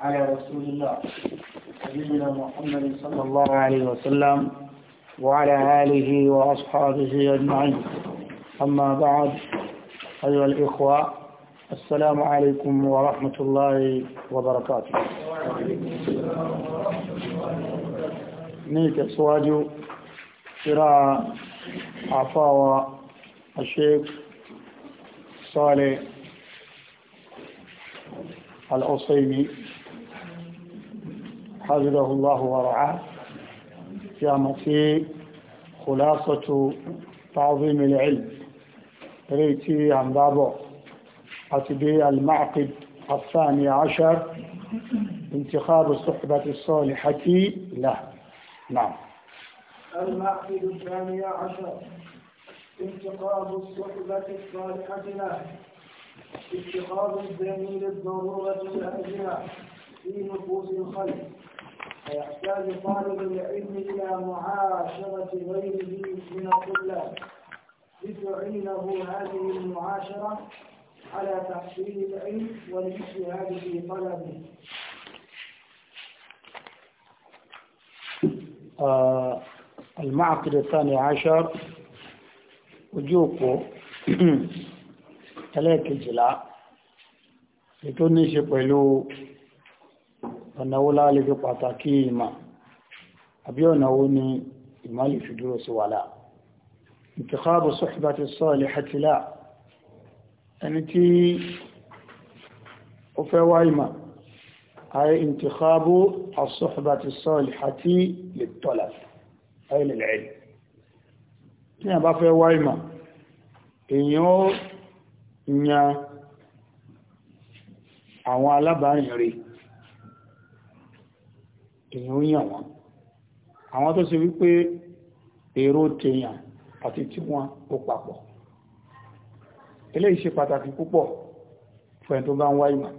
على رسول الله سيدنا محمد صلى الله عليه وسلم وعلى آله وأصحابه أجمعين أما بعد أيها الإخوة السلام عليكم ورحمة الله وبركاته نيت أسواج شراء عفاوة الشيخ صالح العصيمي حفظه الله ورعاه كما في خلاصة تعظيم العلم ريتي عن بابه حسبي المعقد الثاني عشر انتخاب الصحبة الصالحة له نعم المعقد الثاني عشر انتخاب الصحبة الصالحة له اتخاذ الدليل الضرورة الأجلة في نفوس الخلق فيحتاج طالب العلم إلى معاشرة غيره من الطلاب لتعينه هذه المعاشرة على تحصيل العلم والاجتهاد في طلبه آه، المعقد الثاني عشر وجوب ẹlẹ́ẹ̀kejìlá ètò ní ṣe pẹ̀lú ọ̀nà wo la lè fi pàtàkì ìmọ̀ àbí ọ̀nà wo ni ìmọ̀ lè fi dúró sí wàlá ìtìkáàbù sọ́hìbàtì sọ́ọ̀lẹ̀ hàtìlá ẹni tí ó fẹ́ wá ìmọ̀ ayé ìtìkáàbù sọ́hìbàtì sọ́ọ̀lẹ̀ hàtì lè tọ́lá ayé lè lẹ́yìn tí a bá fẹ́ wá ìmọ̀ èèyàn yan àwọn alábàárìn rẹ̀ èyàn ń yàn wọ́n àwọn tó ṣe wípé èrò tèèyàn àti tí wọ́n ó papọ̀ eléyìí ṣe pàtàkì púpọ̀ fún ẹni tó bá ń wá ìmọ̀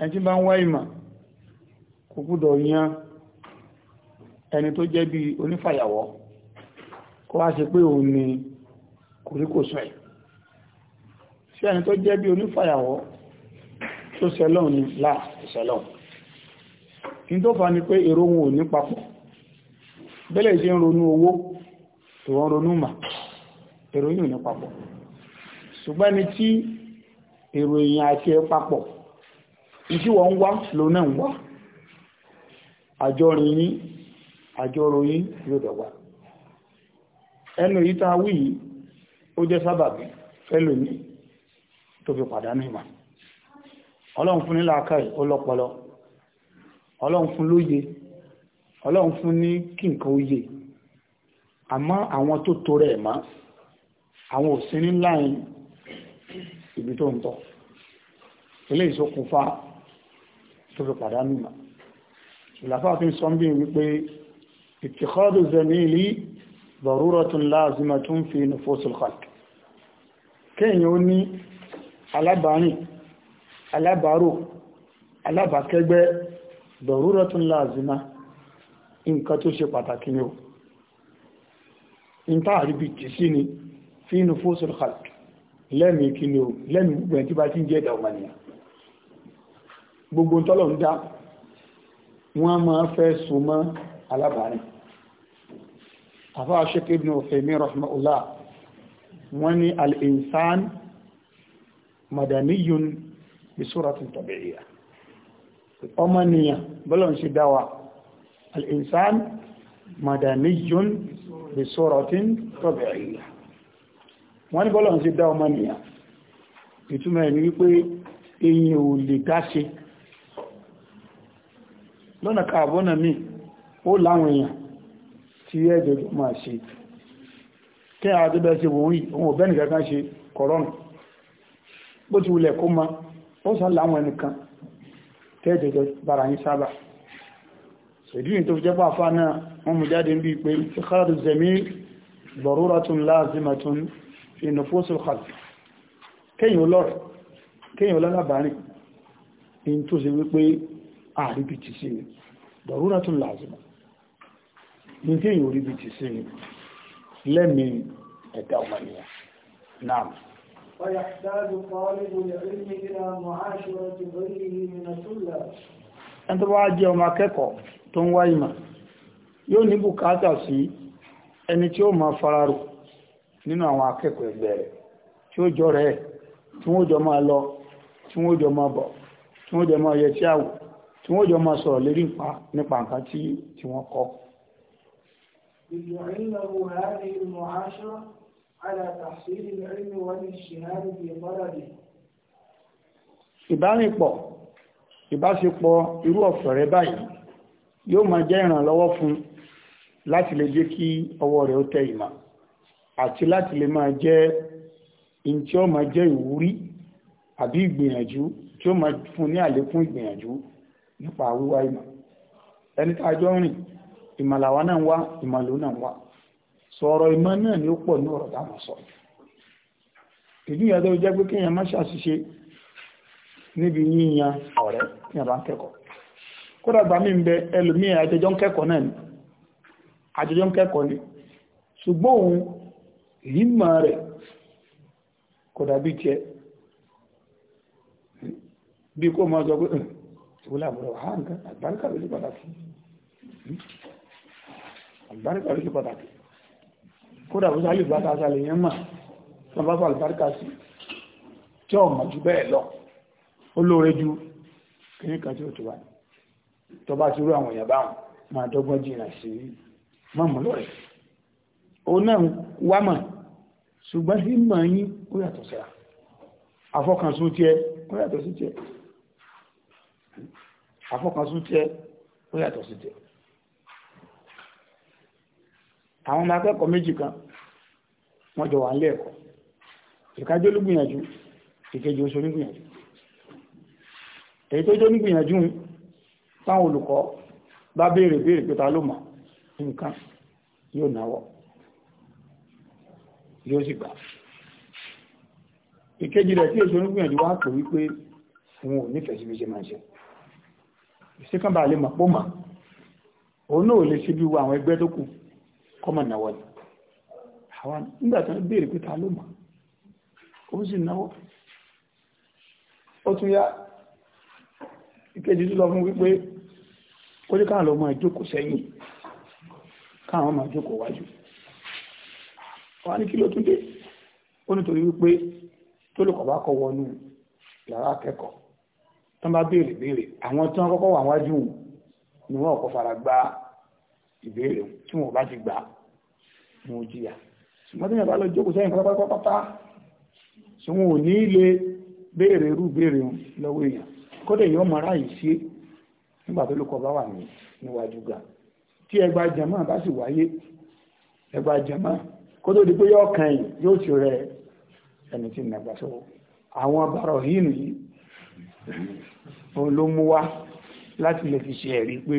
ẹni tí bá ń wá ìmọ̀ kò gbọ́dọ̀ yan ẹni tó jẹ́ bí onífàyàwọ́ kó wá ṣe pé òun ni kòríkòsọ ẹ̀ tí ẹni tó jẹ́ bí onífàyàwọ́ tó sẹlọ́n ni láà sẹlọ́n kí tó fa ni pé èrò wọn ò ní papọ̀ bẹ́lẹ̀ ṣe ń ronú owó tó wọ́n ronú mà èrò yìí ò ní papọ̀ ṣùgbọ́n ni tí èrò èèyàn àti ẹ papọ̀ ń wá a tó fi pàdánù ìmọ̀ ọlọ́run fún ní làákàyè ó lọ́pọlọ ọlọ́run fún lóye ọlọ́run fún ní kí nǹkan oyè àmọ́ àwọn tó tó rẹ̀ mọ́ àwọn òsín ní láàrin ibi tó ń tọ̀ ilé ìṣokùnfà tó fi pàdánù ìmọ̀ ìlàfáà fi ń sọ bí wípé ìtìkọ́dù zẹ̀mílì ضرورة لازمة في نفوس الخلق kéèyàn ó alábàárìn alábàárò alábàákẹ́gbẹ́ daruratun lazima nǹkan tó ṣe pàtàkì ni ó ń táàrí bí tì sí ni fi nufusul khalq lẹ́mìí kí ni ó lẹ́mìí gbogbo ẹni tí bá ti ń jẹ́ ẹ̀dà ọmọnìyàn gbogbo tọ́lọ̀ ń dá wọ́n máa fẹ́ sùn mọ́ alábàárìn àfáà Sheikh Ibn Uthaymeen wọ́n ní al-insan madaniyun bi suratin tabi'iyya ọmọnìyàn bọ́lọ̀ ń ṣe dáwà al'insan madaniyun bi suratin tabi'iyya wọ́n ní bọ́lọ̀ ń ṣe dá ọmọnìyàn ìtumọ̀ ni wípé èyàn ò lè dáṣe lọ́nà kààbọ́nà míì ó láwọn èèyàn tí ẹjọ́ máa ṣe tẹ́ àdébẹ́ ṣe wòrí ohun ọ̀bẹ́nì kankan ṣe kọ̀rọ̀nù bó ti wulẹ̀ kó ma ó sá láwọn ẹnìkan tẹ́ẹ̀jẹjọ bára yín sábà ìdí ní tó fi jẹ́pọ̀ àfá náà wọ́n mú jáde ń bí pé ìkọ́rọ̀ zẹ̀mí bọ̀rúratún láàzímatún fi nufusul khalq kéyìn olóòrẹ̀ kéyìn lẹ́mìí ẹ̀dà ọmọnìyàn náà فيحتاج طالب العلم إلى معاشرة غيره من الطلاب ẹni tó bá jẹ́ ọmọ akẹ́kọ̀ọ́ tó ń wá ìmọ̀ yóò ní bùkátà sí ẹni tí ó nínú àwọn akẹ́kọ̀ọ́ rẹ̀ tí ó jọ rẹ̀ tí wọ́n jọ máa lọ tí wọ́n jọ máa bọ̀ tí wọ́n jọ máa yẹ tí tí wọ́n jọ máa sọ̀rọ̀ lérí nípa nípa nǹkan tí wọ́n kọ́. على تحصيل العلم والاجتهاد في طلبه ìbárinpọ̀ ìbáṣepọ̀ irú ọ̀fẹ́ rẹ báyìí yóò máa jẹ́ ìrànlọ́wọ́ fún láti lè jẹ́ kí ọwọ́ rẹ̀ ó tẹ ìmọ̀ àti láti lè máa jẹ́ in tí ó máa jẹ́ ìwúrí àbí ìgbìyànjú tí ó máa fún ní àlékún ìgbìyànjú nípa wíwá ìmọ̀ sọ̀rọ̀ ìmọ̀ náà ni ó pọ̀ ní ọ̀rọ̀ táwọn sọ ìdí ìyàtọ̀ jẹ́ pé kéèyàn má ṣàṣìṣe níbi yíyan ọ̀rẹ́ ní àbá kẹ́kọ̀ọ́ kódà gbà mí ń bẹ ẹlòmíì àjọjọ́ ń kẹ́kọ̀ọ́ náà ni àjọjọ́ ń kẹ́kọ̀ọ́ ni ṣùgbọ́n òun ìmọ̀ rẹ̀ kò bí kò mọ́ sọ pé ìwúlẹ̀ àbúrò àgbáríkà ló pàtàkì hmm? kódà bó sálè bá tàṣà lè yẹn mọ̀ tán bá fàlùbáríkà sí tí ọ mọ̀ jù bẹ́ẹ̀ lọ ó lóore ju kìíní kan tí ó tó wà tó bá ti rú àwọn èèyàn báwọn máa dọ́gbọ́n jìnnà sí mọ́mọ́ lọ́rẹ̀ ó náà wá mọ̀ ṣùgbọ́n sí mọ̀ yín ó yàtọ̀ síra àfọkànsún tiẹ̀ ó yàtọ̀ sí tiẹ̀ àfọkànsún tiẹ̀ ó yàtọ̀ sí tiẹ̀ àwọn ọmọ akẹ́kọ̀ọ́ méjì kan wọ́n jọ wà ń lẹ́ẹ̀kọ́ ìkájọ́ ló gbìyànjú ìkejì oṣù nígbìyànjú èyí tó jọ nígbìyànjú táwọn olùkọ́ bá béèrè béèrè pé ta ló mọ̀ nǹkan yóò náwọ́ yóò sì gbà ìkejì rẹ̀ tí èso nígbìyànjú wá pè wípé wọn ò nífẹ̀ẹ́ sí bí ṣe máa ṣe ìsíkànbà lè mọ̀ pọ́ mọ̀ òun náà lè ṣe bí wo àwọn ẹgbẹ́ tó kù kọ́mọ̀ náwọ́ ni àwọn nígbà tó ń béèrè pé ta ló mọ̀ ó sì náwó ó tún yá ìkejì tó lọ fún wípé ó ní káà lọ máa jókòó sẹ́yìn káàwọn máa jókòó wájú wọ́n ní kí ló tún dé ó nítorí wípé tó lè kọ̀bá kọ wọnú yàrá akẹ́kọ̀ọ́ tó bá béèrè béèrè àwọn tí kọ́kọ́ wà wájú ni wọ́n kọ́ fara gbá ìbéèrè tí wọn bá ti gbà mú jìyà ṣùgbọ́n tí wọn bá lọ jókòó sẹ́yìn pátápátá tí wọn ò ní lè béèrè irú béèrè lọ́wọ́ èèyàn kódà èèyàn mọ aráyè sí nígbà tó lóko bá wà ní níwájú ga tí ẹgbàá jama bá sì wáyé ẹgbàá jama kó tó di kàn yóò ti rẹ ẹni tí nàgbà sọ àwọn bàrọ̀ yìí nìyí òun ló mú wá láti lè fi ṣe ẹ̀rí pé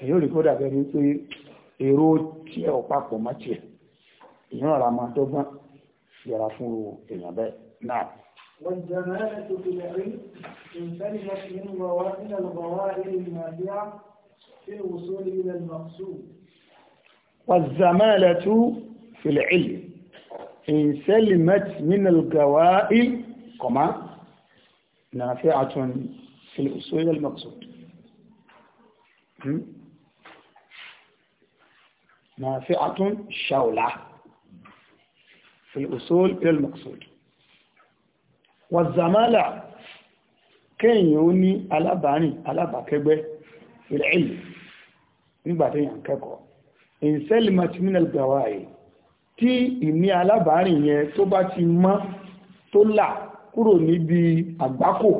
èyí ò rí kódà bẹ́ẹ̀ ni pé èrò tiẹ̀ ò papọ̀ mọ́ tiẹ̀ èyí rọra máa dọ́gbọ́n yẹra fún èèyàn bẹ́ẹ̀ náà. والجماعة في العلم انسلمت من من الظواهر النافعة في الوصول إلى المقصود. والزمالة في العلم انسلمت من القوائل كما نافعة في الوصول إلى المقصود. نافعة شولة في الأصول إلى المقصود والزمالة كان يوني على ألباني ألباكبه في العلم نباتين ينككو إن سلمت من الجوائل tí ìní alábàárìn yẹn tó bá ti mọ́ tó là kúrò níbi àgbákò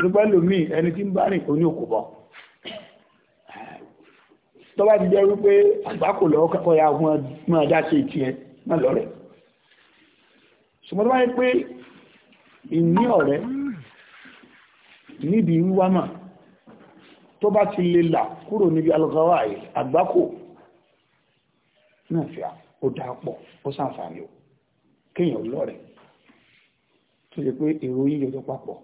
tó bá lòmí ẹni tí ń bá rìn kò ní tó bá ti jẹ́ wípé àgbákò lọ́wọ́ kẹ́kọ̀ọ́ ya wọn máa dá sí ìtì ẹ náà lọ́rẹ̀ ṣùgbọ́n tó bá yẹ pé ìní ọ̀rẹ́ níbi wíwá mà tó bá ti lè là kúrò níbi alọ́gọ́wà àgbákò náà fi ó dá pọ̀ ó sàǹfààní o kéèyàn lọ́rẹ̀ tó yẹ pé èrò yíyọjọ papọ̀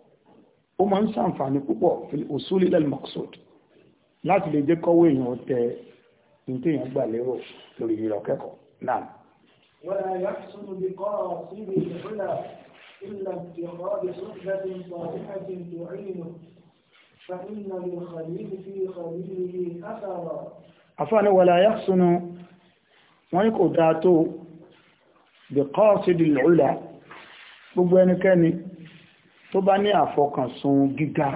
ó máa ń sàǹfààní púpọ̀ fil láti lè jẹ́ kọ́wọ́ èèyàn tẹ ní tí èèyàn gbà lérò lórí ìrọ̀ kẹ́kọ̀ọ́ náà. wọ́n á yá sínú wọ́n ní kò dáa tó bí kọ́ọ̀sìdì lọ́lá gbogbo ẹnikẹ́ni tó bá ní àfọkànsùn gíga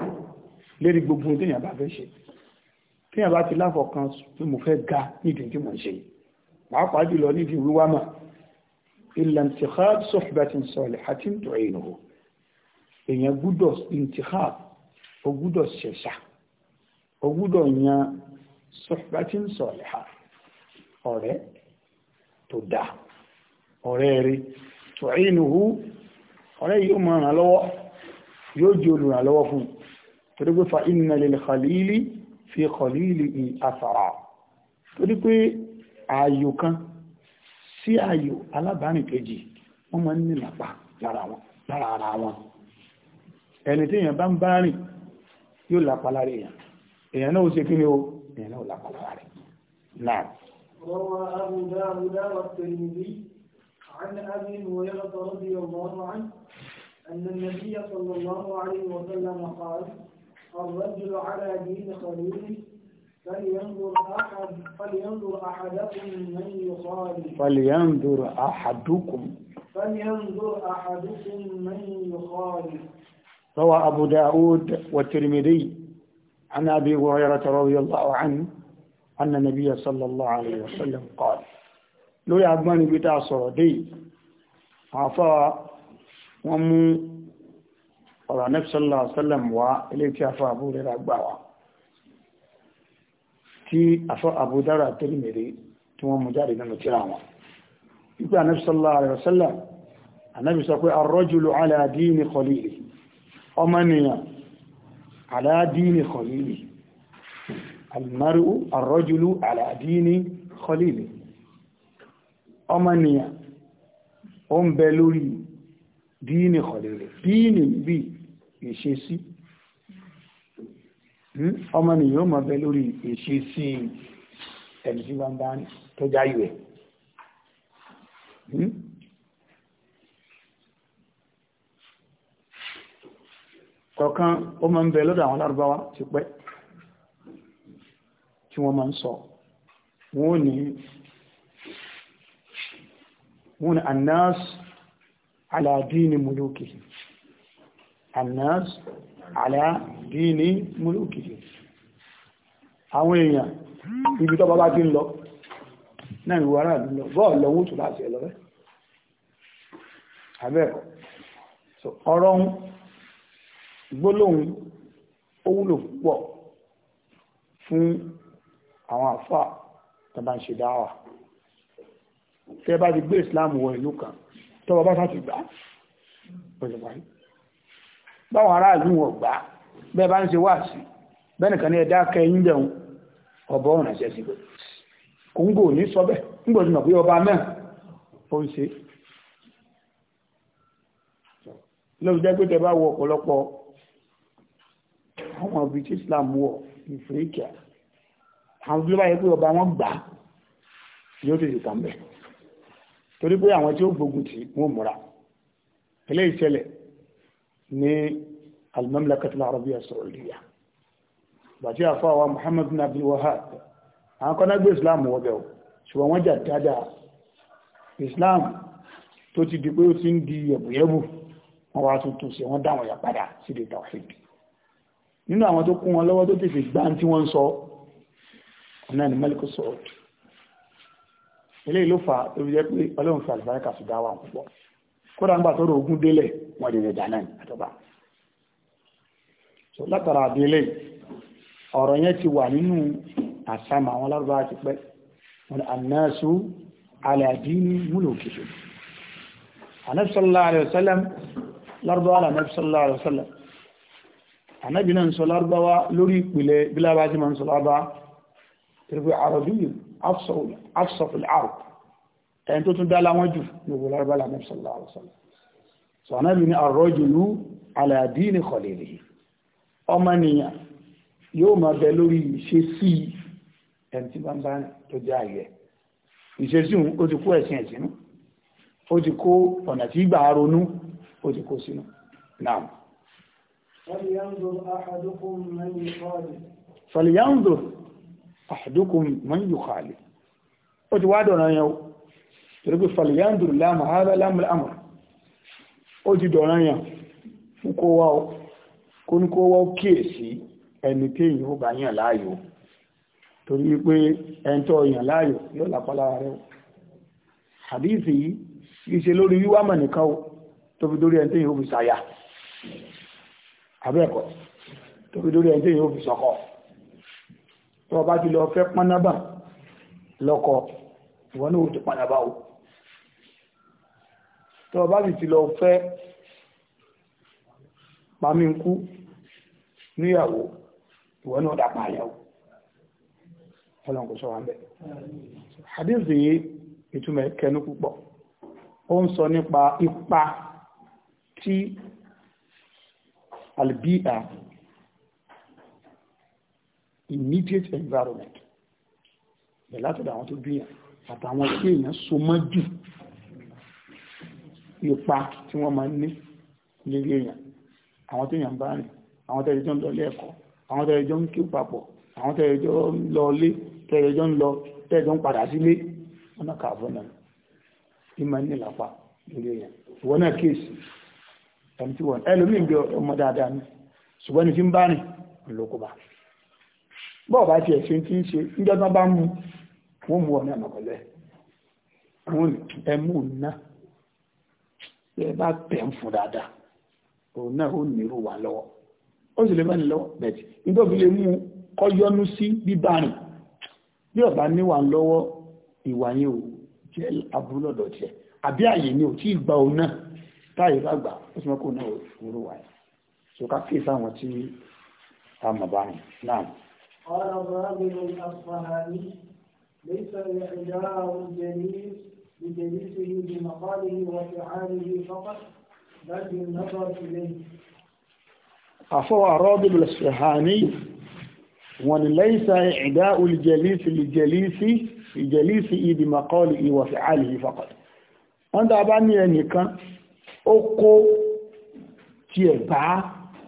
lérí gbogbo ìdíyàn bá fẹ́ ṣe tí yàn bá ti láfọ̀kan tí mo fẹ́ ga nídìí tí mo ń ṣe pàápàá jùlọ nídìí wíwá mà ìlànìtìkáàb sọ̀fìbàtì sọ̀lẹ̀ àti ìtọ̀yìn o èèyàn gbúdọ̀ ìtìkáàb o gbúdọ̀ ṣẹ̀ṣà o gbúdọ̀ yan sọ̀fìbàtì sọ̀lẹ̀ ọ̀rẹ́ tó dáa ọ̀rẹ́ rí tọ̀yìn o ọ̀rẹ́ yóò máa lọ́wọ́ yóò di olùrànlọ́wọ́ fún torí pé fa ìnnà lil fi kọ̀lílì àfàrà torí pé ààyò kan sí ààyò alábàárìn kejì wọ́n máa ń ní lápá lára ara wọn ẹni tí èèyàn bá ń bá rìn yóò lápá lára èèyàn èèyàn náà ó ṣe kí ni ó èèyàn náà ó lápá lára rẹ̀ náà. أبو داود والترمذي عن أبي هريرة رضي الله عنه أن النبي صلى الله عليه وسلم قال الرجل على دين خليله فلينظر أحد فلينظر أحدكم من يخالف فلينظر أحدكم فلينظر أحدكم من يخالف روى أبو داود والترمذي عن أبي هريرة رضي الله عنه أن النبي صلى الله عليه وسلم قال لو يا يعبان بتاع صردي عفا ومو ọ̀rọ̀ anẹ́bísọ́lá sẹ́lẹ̀m wá ilé tí a fọ́ Abu Hurairah gbà wá tí a fọ́ Abu Darda Tirmidhi tí wọ́n mú jáde nínú tíra wọn ipé anẹ́bísọ́lá rẹ̀ sẹ́lẹ̀m anẹ́bísọ́ pé ar-rajulu ala dini khalili ọmọnìyàn ala dini khalili al-mar'u ar ń bẹ lórí dini khalili dini bíi ìṣesí hmm? ọmọnìyàn ó máa bẹ lórí ìṣesí ẹni tí wọ́n bá tó jáyò ẹ̀ hmm? kọ̀ọ̀kan ó máa ń bẹ lọ́dọ̀ àwọn lárúbáwá ti pẹ́ tí wọ́n máa ń sọ wọ́n ní wọ́n aladini muluki الناس على dini múlùkì àwọn èèyàn ibi tó bàbá ti ń lọ náà ìwọ ara ìlú lọ bọ́ọ̀ lọ wútù láti ẹ̀ lọ́rẹ́ abẹ́ẹ̀kọ́ so ọ̀rọ̀ ń gbólóhùn ó wúlò púpọ̀ fún àwọn àfà tó bá tẹ́ bá ti gbé ìsìláàmù wọ ìlú kan tó bàbá ti gbà pẹ̀lú parí báwọn aráàlú wọn gbà bẹ́ẹ̀ bá ń ṣe wáàsí bẹ́ẹ̀nìkan ní ẹ̀dá kẹyìn jẹun ọ̀bọ̀ ọ̀nà ṣe sí pé kòńgò ní sọ bẹ́ẹ̀ nígbà tí mo pé ọba náà ó ń ṣe lọ́wọ́ jẹ́ pé tẹ bá wọ ọ̀pọ̀lọpọ̀ àwọn ọ̀bí tí Islam wọ̀ ní fìríkìá àwọn tó bá yẹ pé ọba wọn gbà yóò tètè tàn bẹ́ẹ̀ torí pé àwọn tí ó gbógun tì wọ́n múra eléyìí ṣẹlẹ̀ ní al-Mamlakatu al-Arabiyya as-Saudiyya bàtí àfáwà Muhammad bin Abdul Wahhab àwọn kan gbé Islam wọ́bẹ̀ o ṣùgbọ́n wọ́n jà dáadáa Islam tó ti di pé ó ti ń di yẹ̀bùyẹ̀bù wọ́n wá tuntun sí wọ́n dáwọn yà padà sí di tawhid nínú àwọn tó kún wọn lọ́wọ́ tó tèfè gbá tí wọ́n sọ ọ̀nà ni mẹ́líkù sọ̀rọ̀ ilé ìlú fa tó fi jẹ́ pé ọlọ́run fi àlùbáríkà fi dá wà púpọ̀ kódà ń gbà sọ́rọ̀ ogun délẹ̀ wọ́n dẹ̀ dẹ̀dà náà àtọ́bà so látara àdélé ọ̀rọ̀ yẹn ti wà nínú àsámà àwọn lárúbá ti pẹ́ wọn annasu ala dini mulukihim òkèṣe Ànábì sallallahu lórí ìpìlẹ̀ bílábá ń sọ lárúbá tẹ̀lé pé àrọ̀dúyìn afsọ̀fẹ̀lẹ̀ ẹni tó tún dá láwọn jù gbogbo lárúbá lànà sọlá àwọsọlá sọ̀nà mi ni àrọ́jùlú aládìní kọ̀lẹ̀lẹ̀ ọmọnìyàn yóò máa bẹ lórí ìṣe sí ẹni tí bá ń tó jẹ́ àyẹ̀ ìṣesí ó ti kó ẹ̀sìn ẹ̀sìn ó ti kó ọ̀nà tí gbà ronú ó ti kó sínú náà fàlìyàndò àdúkùn mọ́ yìí kọ̀lẹ̀ ó ti wá dọ̀nà yẹn torí pé fàlìyàndùrù láàmù ààrẹ láàmù àmà ó ti dọ̀rọ̀ yàn fún kó wá ó kó ní kó wá ó kíyèsí ẹni tí èyí ó bá yàn láàyò torí pé ẹni tó yàn láàyò yóò lápálára rẹ̀ àdíìsì yìí kìí ṣe lórí wíwá mọ̀ nìkan ó tó fi dórí ẹni tí ó fi ṣàyà àbẹ́ẹ̀kọ́ tó fi dórí ẹni tí ó fi sọkọ tó bá ti lọ fẹ́ pánábà lọ́kọ ìwọ náà ó pánábà ó tó o bá sì ti lọ fẹ́ pamínkú níyàwó ìwọ náà dàpọ̀ àyàwó ọlọ́run kò sọ wá ń bẹ̀. hadith yìí ìtumọ̀ kẹnu púpọ̀ ó ń sọ nípa ipa tí albia immediate environment bẹ̀ látọ̀dọ̀ àwọn tó bíyàn àtàwọn tí èèyàn so mọ́ jù ipa tí wọ́n máa ní lórí èèyàn àwọn tó yàn bá rìn àwọn tẹ́lẹ̀ jọ ń lọ ẹ̀kọ́ àwọn tẹ́lẹ̀ jọ ń kí papọ̀ àwọn tẹ́lẹ̀ jọ ń lọ ilé tẹ́lẹ̀ jọ ń lọ tẹ́lẹ̀ jọ ń padà sílé wọn náà kààbọ̀ náà ní máa ní lápá lórí èèyàn ìwọ náà kíyèsí ẹni tí wọn ẹlòmíì ń bí ọmọ dáadáa ni ṣùgbọ́n ní fi ń bá rìn lókùbà bọ́ọ̀ bá ti ẹ̀ṣẹ́ tí ń ṣe níjọ́ bá mú wọn mú ọ ní àmọ̀kọ̀lẹ́ àwọn ẹmú náà bẹ́ẹ̀ bá tẹ̀ ń fún dáadáa òun náà ó nírú wa lọ́wọ́ ó sì lè mẹ́rin lọ́wọ́ bẹ́ẹ̀ nítorí lè mú kọ́ yọnu sí bíbá rìn bí ọ̀bá níwà lọ́wọ́ ìwà yẹn ò jẹ́ aburú lọ́dọ̀ tiẹ̀ àbí àyè ni ò tí ì gba òun náà táyé bá gbà ó sì mọ́kò náà ò fúrú wa yẹn so ká kí sáwọn tí a mọ̀ bá rìn náà. ọ̀rọ̀ bá mi ò بجليسه بمقاله وفعاله فقط بل بالنظر إليه أفوى راضي بالإصفهاني وأن ليس إعداء الجليس للجليس لجليسه بمقاله وفعاله فقط wọ́n dá bá ní ẹnìkan ó kó tí ẹ̀ bá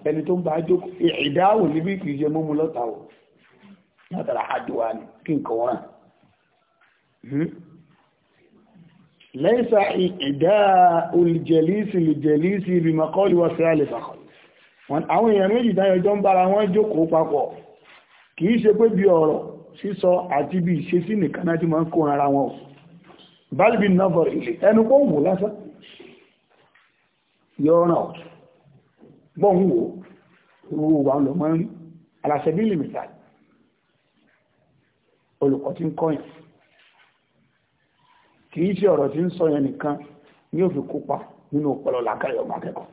ẹni tó ń bá jókòó ìdáwò níbi kìí jẹ ليس إداء الجليس للجليس بمقال وفعل فقط wọn àwọn èèyàn méjì dáyọjọ́ ń bára wọn jókòó papọ̀ kìí ṣe pé bí ọ̀rọ̀ sísọ àti bí ìṣesí nìkan náà tí ma ń kó ara wọn bálbí nọ́bọ̀rì ilẹ̀ ẹnu kó wò lásán yọ́ràn bọ́n wò owó wa lọ mọ́ rí aláṣẹ́bí lè mìtàlì olùkọ́ tí ń kọ́yìn kì í ṣe ọ̀rọ̀ tí ń sọ yẹn nìkan ni ó fi kópa nínú ọpọlọ làkàyọ̀ ọmọ akẹ́kọ̀ọ́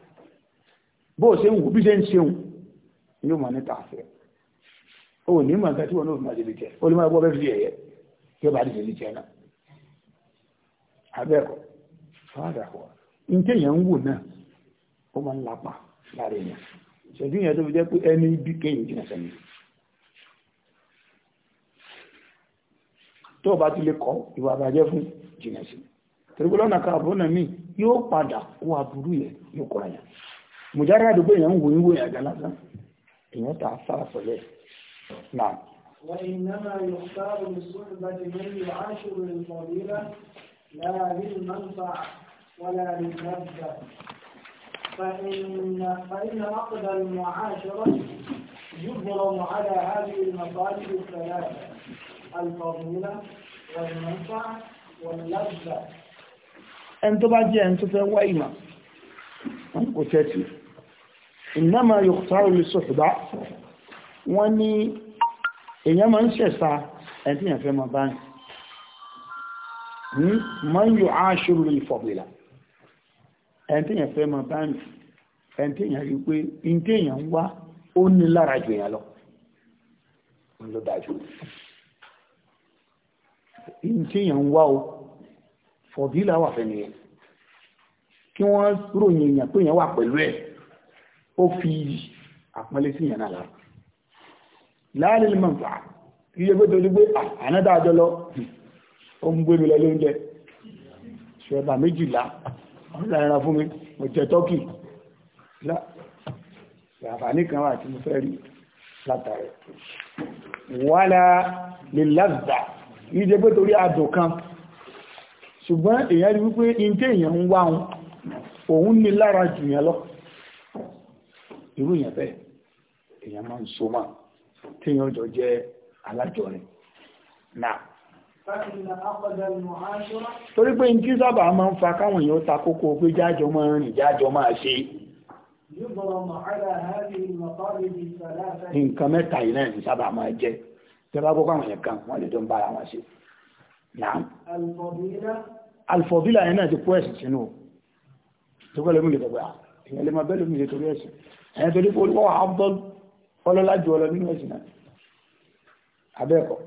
bó o ṣe ń wù bí ṣe ń ṣeun yóò mọ̀ níta àfẹ́ o ní mọ̀ nǹkan tí wọn ò fi máa ṣe lè jẹ ó lè máa gbọ́ bẹ́ẹ̀ fi ẹ̀yẹ kí ó bá ṣe lè jẹ náà abẹ́ẹ̀kọ́ fáadà wà ní téèyàn ń wò náà ó máa ń lapa lára èèyàn ṣẹ̀dú yẹn tó fi jẹ́ pé ẹni bí kéyìn jìnà sẹ́yìn tó o bá ti lè kọ́ ìwà àbàjẹ́ fún jìnà sí torípé lọ́nà kan mí míì yóò padà kó aburú yẹ yóò kọ́ yẹn mùjára àdúgbò èèyàn ń wo ìwé àga lásán èèyàn tà á sára sọlẹ̀ náà. وإنما يختار لصحبة من يبرم على هذه المطالب الثلاثة الفضيلة والمنفعة ẹni tó bá jẹ́ ẹni tó fẹ́ wá ìmọ̀ wọn kò tẹ́tì ìnáma yóò sáré lè sọ̀tùbá wọ́n ní èèyàn máa ń ṣẹ̀ṣà ẹni tí èèyàn fẹ́ máa báyìí máa ń yọ aṣòro lè fọ̀bìlà ẹni tí èèyàn fẹ́ báyìí ẹni tí èèyàn rí pé ní wá ó ní lára jù èèyàn lọ ló ìyẹn ń wá o fọ̀dílà wà fẹ́ nìyẹn kí wọ́n ròyìn èèyàn pé èèyàn wà pẹ̀lú ẹ̀ ó fi àpọ́nlé sí èèyàn náà láàrin lè máa fà á iye gbé gbé ànádà àjọ lọ ó ń gbé mi lọ lóúnjẹ ṣẹba méjìlá ọ̀rọ̀ ẹran fún mi mo jẹ tọ́kì àǹfààní kan wà tí mo fẹ́ rí látàrí wàhálà lè lágbàá ìjẹ́ pé torí àdùn kan ṣùgbọ́n èyàn rí wípé ìntẹ́ èyàn ń wá wọn òun ní lára jù yẹn lọ irú èyàn bẹ́ẹ̀ èyàn máa ń so máa téèyàn jọ jẹ́ alájọrin náà torí pé ní sábà máa ń fa káwọn èèyàn ta kókó pé jájọ máa rìn jájọ máa ṣe nǹkan mẹ́ta ìlànà sábà máa jẹ́ tẹ́lá gbọ́ káwọn yẹn kan wọ́n lè tó ń bára wọn ṣe alfọ̀bílà yẹn náà ti kó ẹ̀sìn sínú ah, tó abdul ọlọ́lá jù ọlọ nínú ẹ̀sìn náà abẹ́ẹ̀kọ́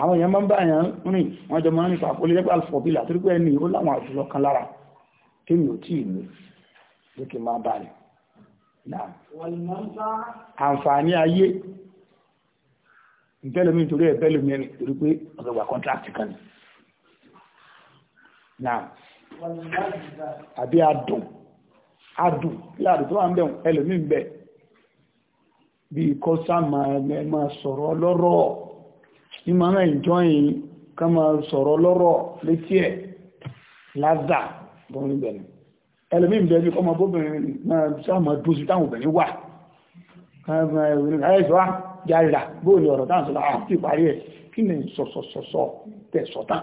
àwọn èèyàn máa ń bá èèyàn rìn wọ́n jọ máa ń rìn pa kó lè jẹ́ pé alfọ̀bílà torí pé ẹni ó láwọn àjùlọ àǹfààní ayé ìtẹ́lẹ̀mí torí ẹ̀bẹ́ lómi ẹni torí pé ọ̀gbẹ̀gbà kọ́ntrákì kan náà àbí adùn adùn bí adùn tó wà ń bẹ̀ ẹlòmí ń bẹ̀ bí kọ́ sáàmà ẹ̀mà sọ̀rọ̀ lọ́rọ̀ ní máa ń ìjọyìn ká máa sọ̀rọ̀ lọ́rọ̀ létí ẹ̀ lázà bọ́rin bẹ̀rẹ̀ ẹlòmí ń bẹ̀ bí ọmọ bóbìnrin náà sáàmà dúsí táwọn obìnrin wà káyẹ̀sọ́ járìrà bóòlù ọ̀rọ̀ táwọn sọ́lá àti ah, ìparí ẹ̀ kí ni sọ̀sọ̀sọ̀sọ̀ tẹ̀ sọ̀tàn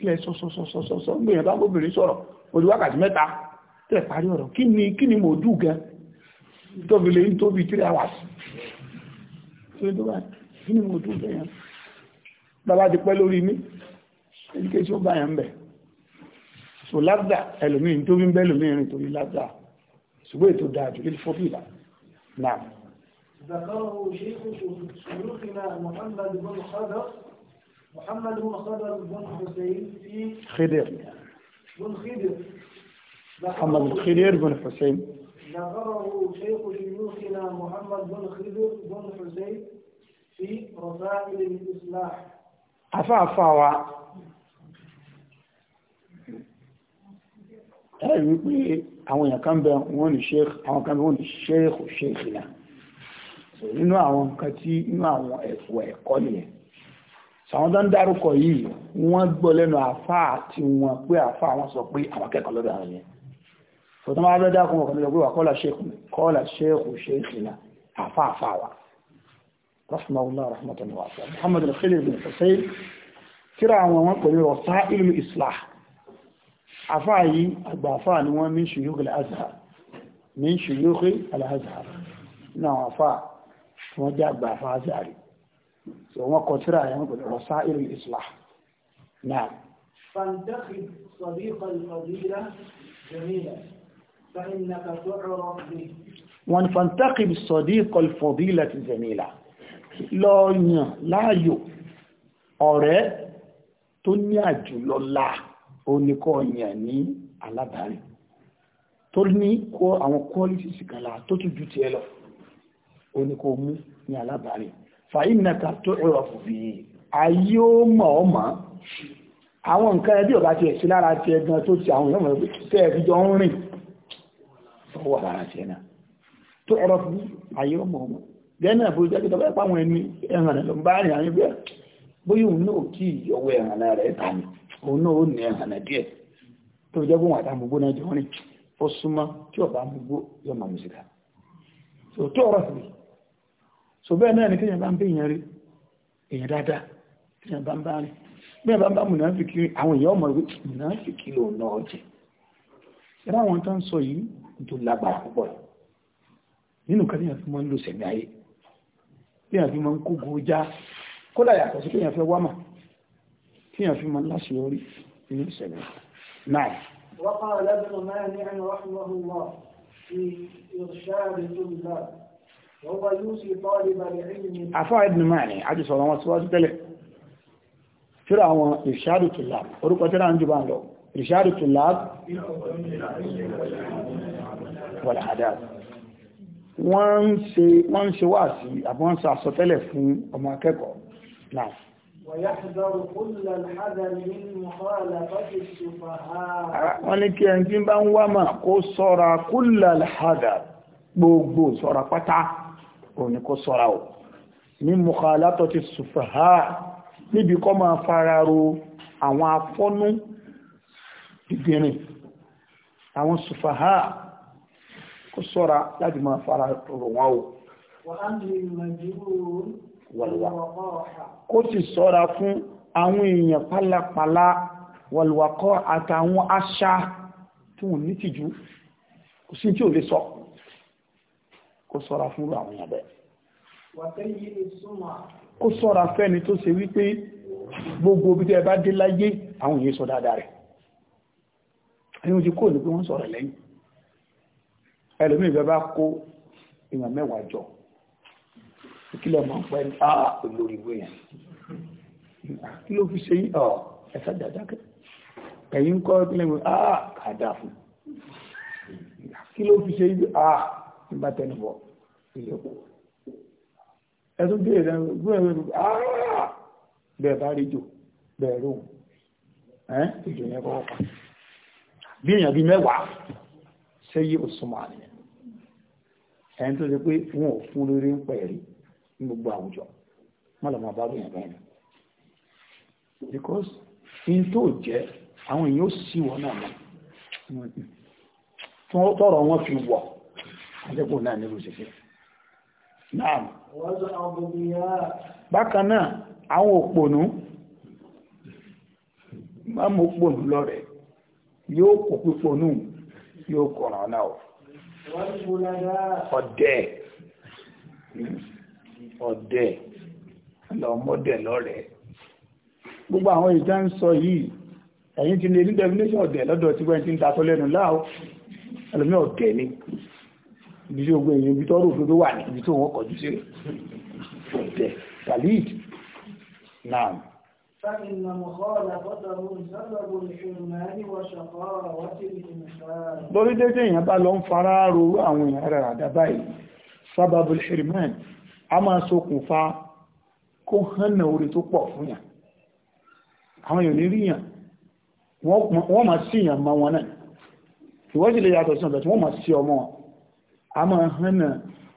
ilẹ̀ sọ̀sọ̀sọ̀sọ̀ gbìyànjú agbóbìnrin sọ̀rọ̀ ojú wákàtí mẹ́ta tẹ̀ parí ọ̀rọ̀ kí ni kí ni mo dù gan tóbi lè ń tóbi three hours kí ni mo dù gan yẹn bàbá ti pẹ́ lórí mi ẹnikẹ́ tí ó bá yẹn bẹ̀ so lábdà ẹlòmíì tóbi ń bẹ́ lòmíì rìn torí lábdà ṣùgbọ́n ètò dáa jù lè fọ́fìlà náà ذكره شيخ شيوخنا محمد بن خضر محمد بن خضر بن حسين في خضر بن خضر محمد بن خضر بن حسين ذكره شيخ شيوخنا محمد بن خضر بن حسين في رسائل الإصلاح أفعفع ẹ̀rí wípé àwọn èèyàn kan bẹ wọ́n ní sheikh àwọn kan bẹ so nínú àwọn nǹkan tí nínú àwọn ẹ̀fọ́ ẹ̀kọ́ nìyẹn sàwọn tó ń dárúkọ yìí wọ́n gbọ́ lẹ́nu àfáà tí wọ́n pé àfáà wọ́n sọ pé àwọn akẹ́kọ̀ọ́ lọ́dọ̀ àwọn yẹn so tó máa bẹ́ dákun ọkọ̀ lọ́dọ̀ pé wà kọ́lá ṣẹ́kù kọ́lá ṣẹ́kù ṣẹ́kù náà àfáà àfáà wa rahmanullah rahmatullahi wa sallam muhammad al-khalil bin hussein kíra àwọn wọn pẹ̀lú ọ̀sá ìlú islah àfáà yìí àgbà àfáà ni wọ́n min shuyukh al-azhar min shuyukh al-azhar náà àfáà wọ́n jẹ́ àgbà fún azari so wọ́n kọ síra yẹn pẹ̀lú ọ̀sá ìrìn islah náà. فإنك تعرف به wọ́n فانتخب صديقا فضيلة جميلا lọ yàn láàyò ọ̀rẹ́ tó ní àjùlọ́lá oníkọ́ yàn ní alábàárìn tó ní kó àwọn kọ́lísìsì kan láà tó tún ju tiẹ̀ lọ. oníkómú ní alábàárẹ̀ fàyínàkà tó ẹ̀rọ fòfì ayé ó mọ̀ ọ́ mọ̀ àwọn nǹkan ẹbí ti ẹ̀sí lára ti ẹgbẹ́ tó ti àwọn ìyọ́mọ̀ tẹ́ ẹ̀fí jọ ń rìn ọwọ́ lára ti ẹ̀nà tó ẹ̀rọ fòfì ayé ó mọ̀ ọ́ mọ̀ bó jẹ́ pàwọn so bẹ́ẹ̀ náà ni kíyàn bá ń bí èèyàn rí èèyàn dáadáa kíyàn bá ń bá rìn bẹ́ẹ̀ bá ń bá mùnáfìkì rí àwọn èèyàn ọmọ ìwé mùnáfìkì ló náà jẹ́ ẹ̀rọ àwọn tó ń sọ yìí tó lágbára púpọ̀ nínú kan níyàn fi mọ́ ń lò sẹ̀mí ayé kíyàn fi mọ́ ń kó gojá kódà yàtọ̀ sí kíyàn fẹ́ wámà kíyàn fi mọ́ ń láṣeyọrí nínú sẹ̀mí náà. وقال ابن مانع رحمه الله في إرشاد طلاب àfá ẹ̀dùn máa ní àti sọ̀rọ̀ wọn síwájú tẹ́lẹ̀ tíra àwọn ìṣàdù tùlab orúkọ tíra ń jùbá lọ ìṣàdù tùlab wọ́n ń ṣe wá sí àbọ́n sọ àsọtẹ́lẹ̀ fún ọmọ akẹ́kọ̀ọ́ náà wọ́n ní kí ẹni tí bá ń wá mà kó sọ́ra kúlẹ̀ gbogbo sọ́ra pátá òní kó sọ́ra ò ní mọ̀kàlátọ̀ ti sùfàá níbi kọ́ máa fararo àwọn afọ́nú ìgbìnrin àwọn sùfàá kó sọ́ra láti máa fararo wọn ò wàlúwà kó sì sọ́ra fún àwọn èèyàn pálapàla wàlúwà kọ́ àtàwọn àṣà tí wọ́n ní tìjú kò sí tí ò lè sọ kó sọ́ra fún àwọn èèyàn bẹ́ẹ̀. kó sọ́ra fẹ́ni tó ṣe wípé gbogbo bí tẹ́ bá dé láyé àwọn èèyàn sọ dáadáa rẹ̀ ẹni ojú kò ní pé wọ́n sọ̀rọ̀ lẹ́yìn ẹlòmí ìfẹ́ bá kó èèyàn mẹ́wàá jọ ìkílẹ̀ mọ́ pẹ́ kí ló fi ṣe yí ọ̀ nígbà tẹnu bọ̀ ilé kù ẹtún bí èrè gbọ́n bẹ́ẹ̀ bá rí jò bẹ́ẹ̀ rò ẹ́ ìjò yẹn kọ́kọ́ pa bí mẹ́wàá àníyàn ẹni tó ṣe pé wọn ò fún lórí ń pẹ̀rí ní gbogbo àwùjọ wọn bá because in tó jẹ́ àwọn èèyàn ó sì wọ́n náà mọ́ tọ́rọ̀ wọn fi wọ̀ àjẹ́kù náà nílùú ṣẹṣẹ́ náà bákan náà àwọn òpònú má mú òpònú lọ́rẹ̀ yóò kò pípònú yóò kọ̀ràn náà ọ̀dẹ̀ ọ̀dẹ̀ lọ́mọdẹ̀ lọ́rẹ̀ gbogbo àwọn ìjá ń sọ yìí ẹ̀yìn ti lè ní definition ọ̀dẹ̀ lọ́dọ̀ tí wọ́n ti ń ta sọ lẹ́nu láàá ẹlòmí ọ̀dẹ̀ ni ibi tí ogun èyàn ibi tọ́rọ òfin tó wà ní ibi tí wọ́n kọjú sí ọ̀tẹ̀ salid naam lórí dédé èyàn bá lọ ń fara ro àwọn èyàn rẹ̀ àdábá yìí sábàbù ṣìrìmán a máa ṣokùnfà kó hànà orí tó pọ̀ fún yàn àwọn èyàn ní ríyàn wọ́n máa síyàn ma wọn náà ìwọ́jìlẹ̀ yàtọ̀ sí ọ̀dọ̀ tí wọ́n máa sí ọmọ wọn a máa hànà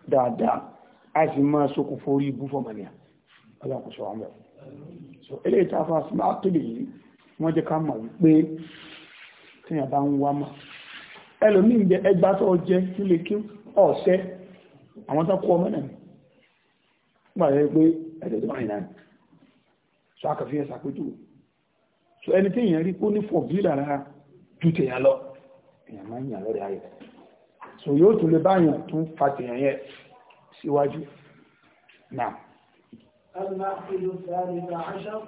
dáadáa a sì máa ṣokùnfò orí ibú fọmọnìyàn alákòóso àwọn bẹ̀rẹ̀ so eléyìí tá a fa sinmi àtòlè yìí wọ́n jẹ́ ká mọ̀ wípé tíyàn bá ń wá mọ̀ ẹlòmíì jẹ ẹgbà tó jẹ nílé kí ọ̀sẹ́ àwọn tó kú ọmọ náà nígbà tó pé ẹ̀dẹ̀ tó báyìí náà so akàfihàn ṣàpèjúwe so ẹni tí èèyàn rí kó ní fọ̀bílà rárá ju tèèyàn lọ èèyàn máa ń yàn lọ́rẹ̀ ayẹ̀ so yóò tún lè báyàn tún fàtìyàn yẹn síwájú náà المعقل الثالث عشر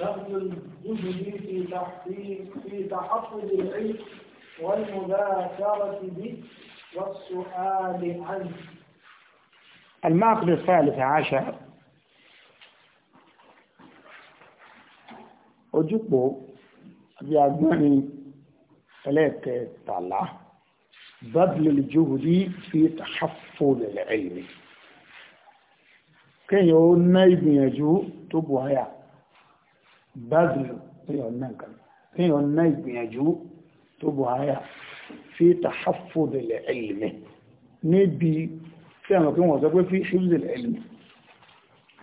لفظ الجهد في في تحفظ العلم والمذاكرة به والسؤال عنه المعقل الثالث عشر ojúpò àbí agbọ́nrin ẹlẹ́ẹ̀kẹtàlá بذل الجهد في تحفظ العلم كي يقول نايب يجو تبوها يا بذل كي يقول نايب يجو تبوها يا في تحفظ العلم نبي كي يقول في حفظ العلم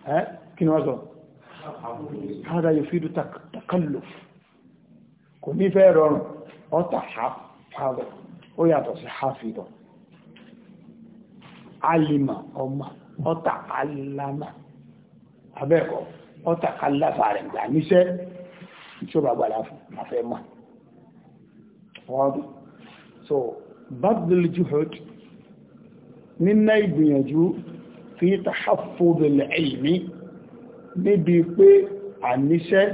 ها كي نوازو هذا يفيد تكلف كوني فيرون او تحفظ ó yàtọ̀ sí hafidọ̀ alìmọ̀ ọmọ ọta alama abẹ́ẹ̀kọ́ ọta aláfà rẹ̀ gbà níṣẹ́ tí ó bá gbàdá fún afẹ́ mọ́ ọdún so badal juhud nínà ìgbìyànjú fi tahaffudul ilmi níbi pé àníṣẹ́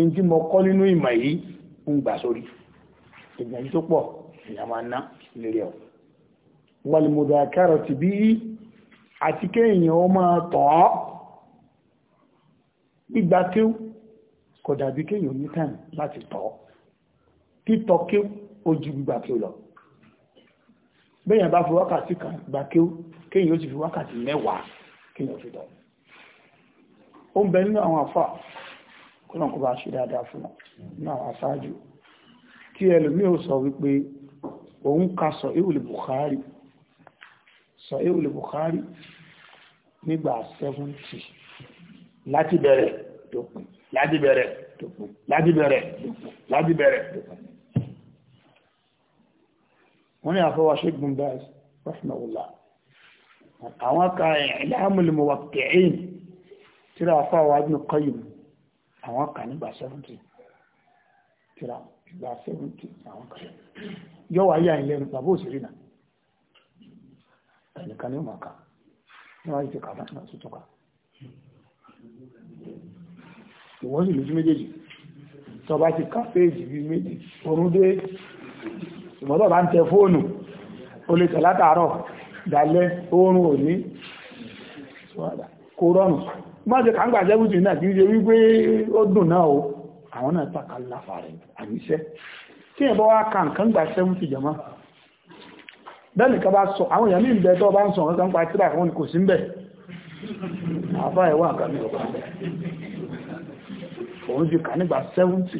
in tí mọ́ kọ́ nínú ìmọ̀ yìí ń gbà sórí ìgbìyànjú tó pọ̀ èèyàn máa ná lérí ọ̀ wàlùmọ̀dà kẹrọ ti bí àti kéèyàn ó máa tọ̀ ọ́ gbígba kíw kò dàbí kéèyàn ní tàn láti tọ̀ ọ́ títọ́ kíw ó ju gbígba kíw lọ bẹ́yàn bá fi wákàtí kan gbà kíw kéèyàn ó sì fi wákàtí mẹ́wàá kéèyàn fi tọ̀ ó ń bẹ nínú àwọn àfà kọ́nà kó bá ṣe dáadáa fún wọn nínú àwọn aṣáájú kí ẹlòmíì ó sọ wípé òun ka sọ ìwòlè Bukhari sọ ìwòlè Bukhari nígbà 70 láti bẹ̀rẹ̀ dópin láti bẹ̀rẹ̀ dópin láti bẹ̀rẹ̀ dópin láti bẹ̀rẹ̀ dópin wọ́n ní àfọwà Sheikh Bin Baz rahimahullah àwọn ka I'lamul Muwaqqi'in tíra àfọwà Ibn Qayyim àwọn ka nígbà 70 tíra ìgbà 70 àwọn ka yóò wá yà bàbá òṣèré náà ẹnìkan ní màkà níwájú ti kàbá náà tuntun ká ìwọ́n sì méjèèjì tó ti ká bí méjì orún dé ìmọ̀tọ̀ bá ń tẹ fóònù o lè tẹ̀ látàárọ̀ dalẹ́ oorun òní kò rọrùn má ṣe kàńgbà jẹ́gùsì náà kìí ṣe wípé ó dùn náà o àwọn náà tàkà láfàárẹ̀ àníṣẹ́ tí ẹ̀bọ́ wá ka nǹkan gbà sẹ́wọ́n ti jẹ̀mọ́ bẹ́ẹ̀ni ká bá sọ àwọn èèyàn ní ìbẹ̀ tó bá ń sọ ọ̀rọ̀ kan pa tíra fún kò sí mbẹ̀ àbá ẹ̀wọ́ nǹkan mi ọ̀pá bẹ̀ òun ti kà nígbà sẹ́wọ́ntì